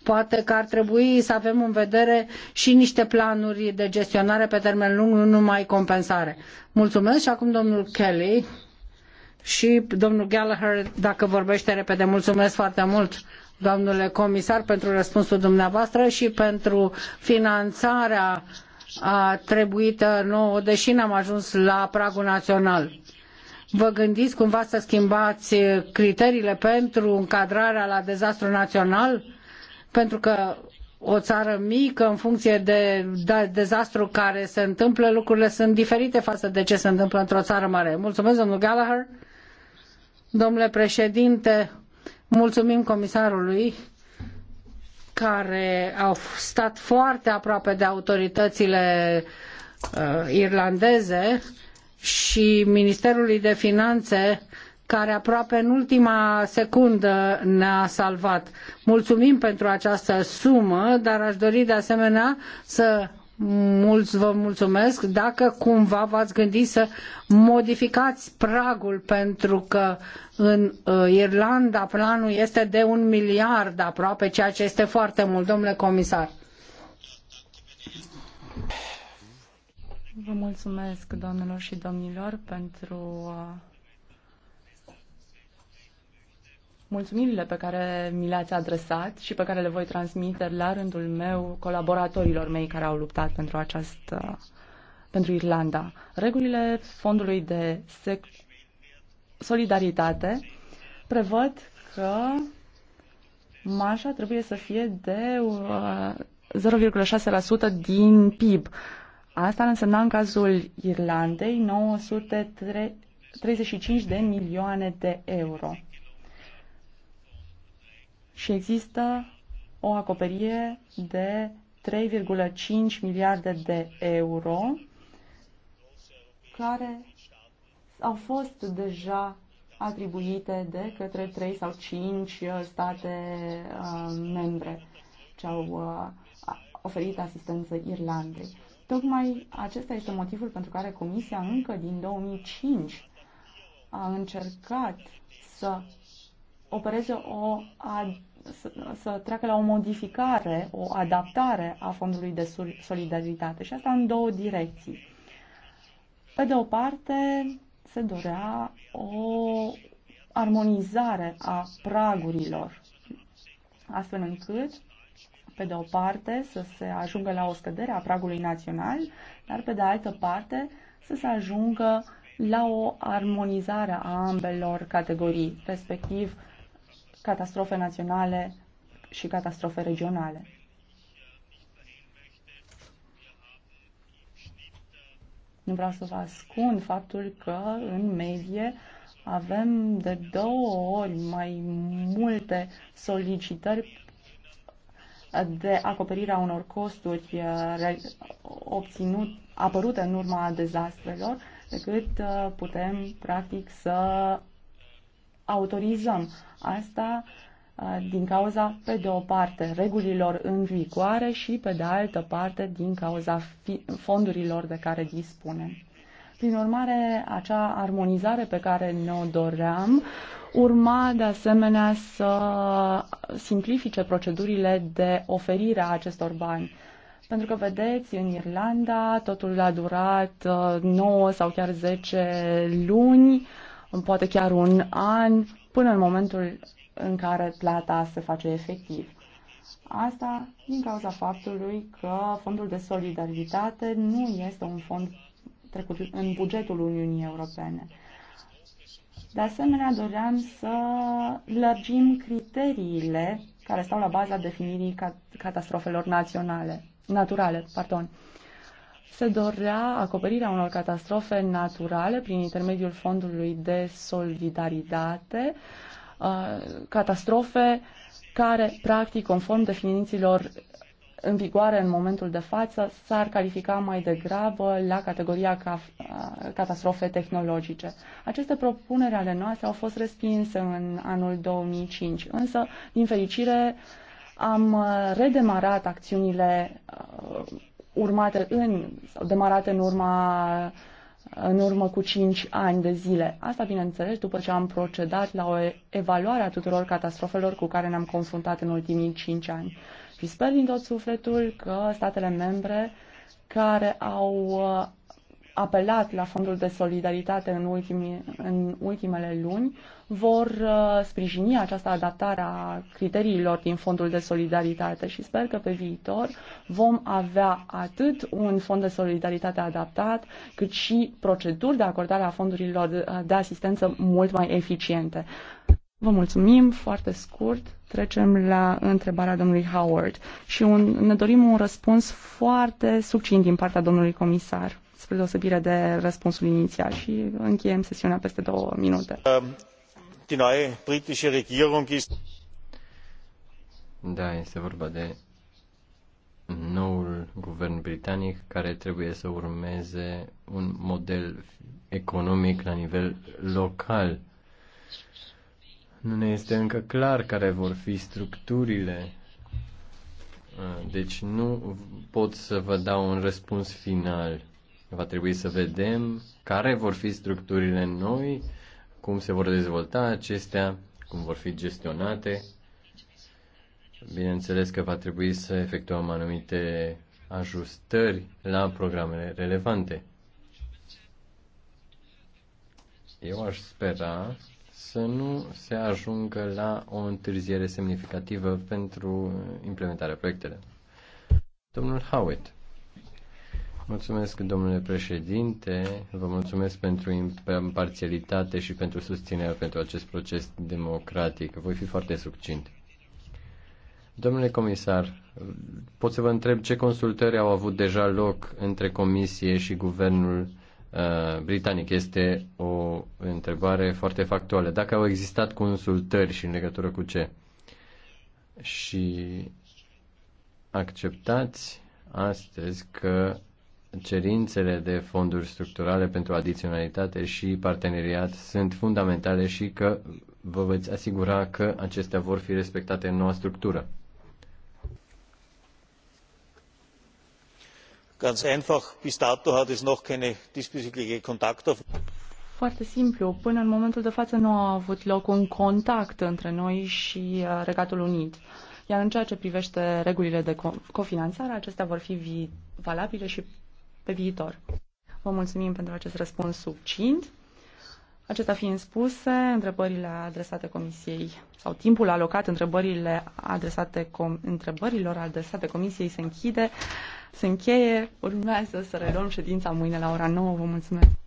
Poate că ar trebui să avem în vedere și niște planuri de gestionare pe termen lung, nu numai compensare. Mulțumesc și acum domnul Kelly și domnul Gallagher, dacă vorbește repede, mulțumesc foarte mult domnule comisar pentru răspunsul dumneavoastră și pentru finanțarea uh, atribuită uh, nouă, deși n-am ajuns la pragul național. Vă gândiți cumva să schimbați criteriile pentru încadrarea la dezastru național? Pentru că o țară mică, în funcție de, da, dezastru care se întâmplă, lucrurile sunt diferite față de ce se întâmplă într-o țară mare. Mulțumesc, domnul Gallagher. Domnule președinte, mulțumim comisarului care au stat foarte aproape de autoritățile uh, irlandeze și Ministerului de Finanțe care aproape în ultima secundă ne-a salvat. Mulțumim pentru această sumă, dar aș dori de asemenea să vă mulțumesc dacă cumva v-ați gândit să modificați pragul pentru că în uh, Irlanda planul este de un miliard aproape, ceea ce este foarte mult, domnule comisar.
Vă mulțumesc, doamnelor și domnilor, pentru uh, mulțumirile pe care mi le-ați adresat și pe care le voi transmite la rândul meu colaboratorilor mei care au luptat pentru acest, pentru Irlanda. Regulile Fondului de sec- Solidaritate prevăd că marja trebuie să fie de 0,6% uh, din PIB. Asta ar însemna în cazul Irlandei 935 de milioane de euro și există o acoperire de 3,5 miliarde de euro care au fost deja atribuite de către 3 sau 5 uh, state uh, membre ce au uh, oferit asistență Irlandei. Tocmai acesta este motivul pentru care Comisia încă din 2005 a încercat să opereze o să, să treacă la o modificare, o adaptare a fondului de solidaritate și asta în două direcții. Pe de o parte, se dorea o armonizare a pragurilor, astfel încât, pe de o parte, să se ajungă la o scădere a pragului național, dar pe de altă parte, să se ajungă la o armonizare a ambelor categorii, respectiv catastrofe naționale și catastrofe regionale. Nu vreau să vă ascund faptul că, în medie, avem de două ori mai multe solicitări de acoperirea unor costuri eh, obținut, apărute în urma dezastrelor, decât eh, putem, practic, să autorizăm. Asta din cauza, pe de o parte, regulilor în vigoare și, pe de altă parte, din cauza fondurilor de care dispunem. Prin urmare, acea armonizare pe care ne-o doream urma, de asemenea, să simplifice procedurile de oferire a acestor bani. Pentru că, vedeți, în Irlanda totul a durat 9 sau chiar 10 luni, poate chiar un an, până în momentul în care plata se face efectiv. Asta din cauza faptului că fondul de solidaritate nu este un fond trecut în bugetul Uniunii Europene. De asemenea, doream să lărgim criteriile care stau la baza definirii catastrofelor naționale, naturale. Pardon se dorea acoperirea unor catastrofe naturale prin intermediul Fondului de Solidaritate, uh, catastrofe care, practic, conform definițiilor în vigoare în momentul de față, s-ar califica mai degrabă la categoria ca, uh, catastrofe tehnologice. Aceste propuneri ale noastre au fost respinse în anul 2005, însă, din fericire, am uh, redemarat acțiunile urmate în, sau demarate în urma în urmă cu 5 ani de zile. Asta, bineînțeles, după ce am procedat la o evaluare a tuturor catastrofelor cu care ne-am confruntat în ultimii 5 ani. Și sper din tot sufletul că statele membre care au uh, apelat la fondul de solidaritate în, ultimii, în ultimele luni vor uh, sprijini această adaptare a criteriilor din fondul de solidaritate și sper că pe viitor vom avea atât un fond de solidaritate adaptat, cât și proceduri de acordare a fondurilor de, uh, asistență mult mai eficiente. Vă mulțumim, foarte scurt. Trecem la întrebarea domnului Howard și un, ne dorim un răspuns foarte succint din partea domnului comisar spre deosebire de răspunsul inițial și încheiem sesiunea peste două
minute. Da, este vorba de noul guvern britanic care trebuie să urmeze un model economic la nivel local. Nu ne este încă clar care vor fi structurile. Deci nu pot să vă dau un răspuns final. Va trebui să vedem care vor fi structurile noi, cum se vor dezvolta acestea, cum vor fi gestionate. Bineînțeles că va trebui să efectuăm anumite ajustări la programele relevante. Eu aș spera să nu se ajungă la o întârziere semnificativă pentru implementarea proiectelor. Domnul Howitt. Mulțumesc, domnule președinte, vă mulțumesc pentru imparțialitate și pentru susținerea pentru acest proces democratic. Voi fi foarte succint. Domnule comisar, pot să vă întreb ce consultări au avut deja loc între comisie și guvernul uh, britanic? Este o întrebare foarte factuală. Dacă au existat consultări și în legătură cu ce? Și acceptați astăzi că cerințele de fonduri structurale pentru adiționalitate și parteneriat sunt fundamentale și că vă veți asigura că acestea vor fi respectate în noua structură.
Ganz einfach, bis dato hat es noch keine diesbezügliche Kontaktaufnahme
foarte simplu. Până în momentul de față nu a avut loc un contact între noi și uh, Regatul Unit. Iar în ceea ce privește regulile de cofinanțare, acestea vor fi valabile și pe viitor. Vă mulțumim pentru acest răspuns subcint. Acesta fiind spuse, întrebările adresate Comisiei sau timpul alocat întrebările adresate com, întrebărilor adresate Comisiei se închide, se încheie, urmează să reluăm ședința mâine la ora 9. Vă mulțumesc!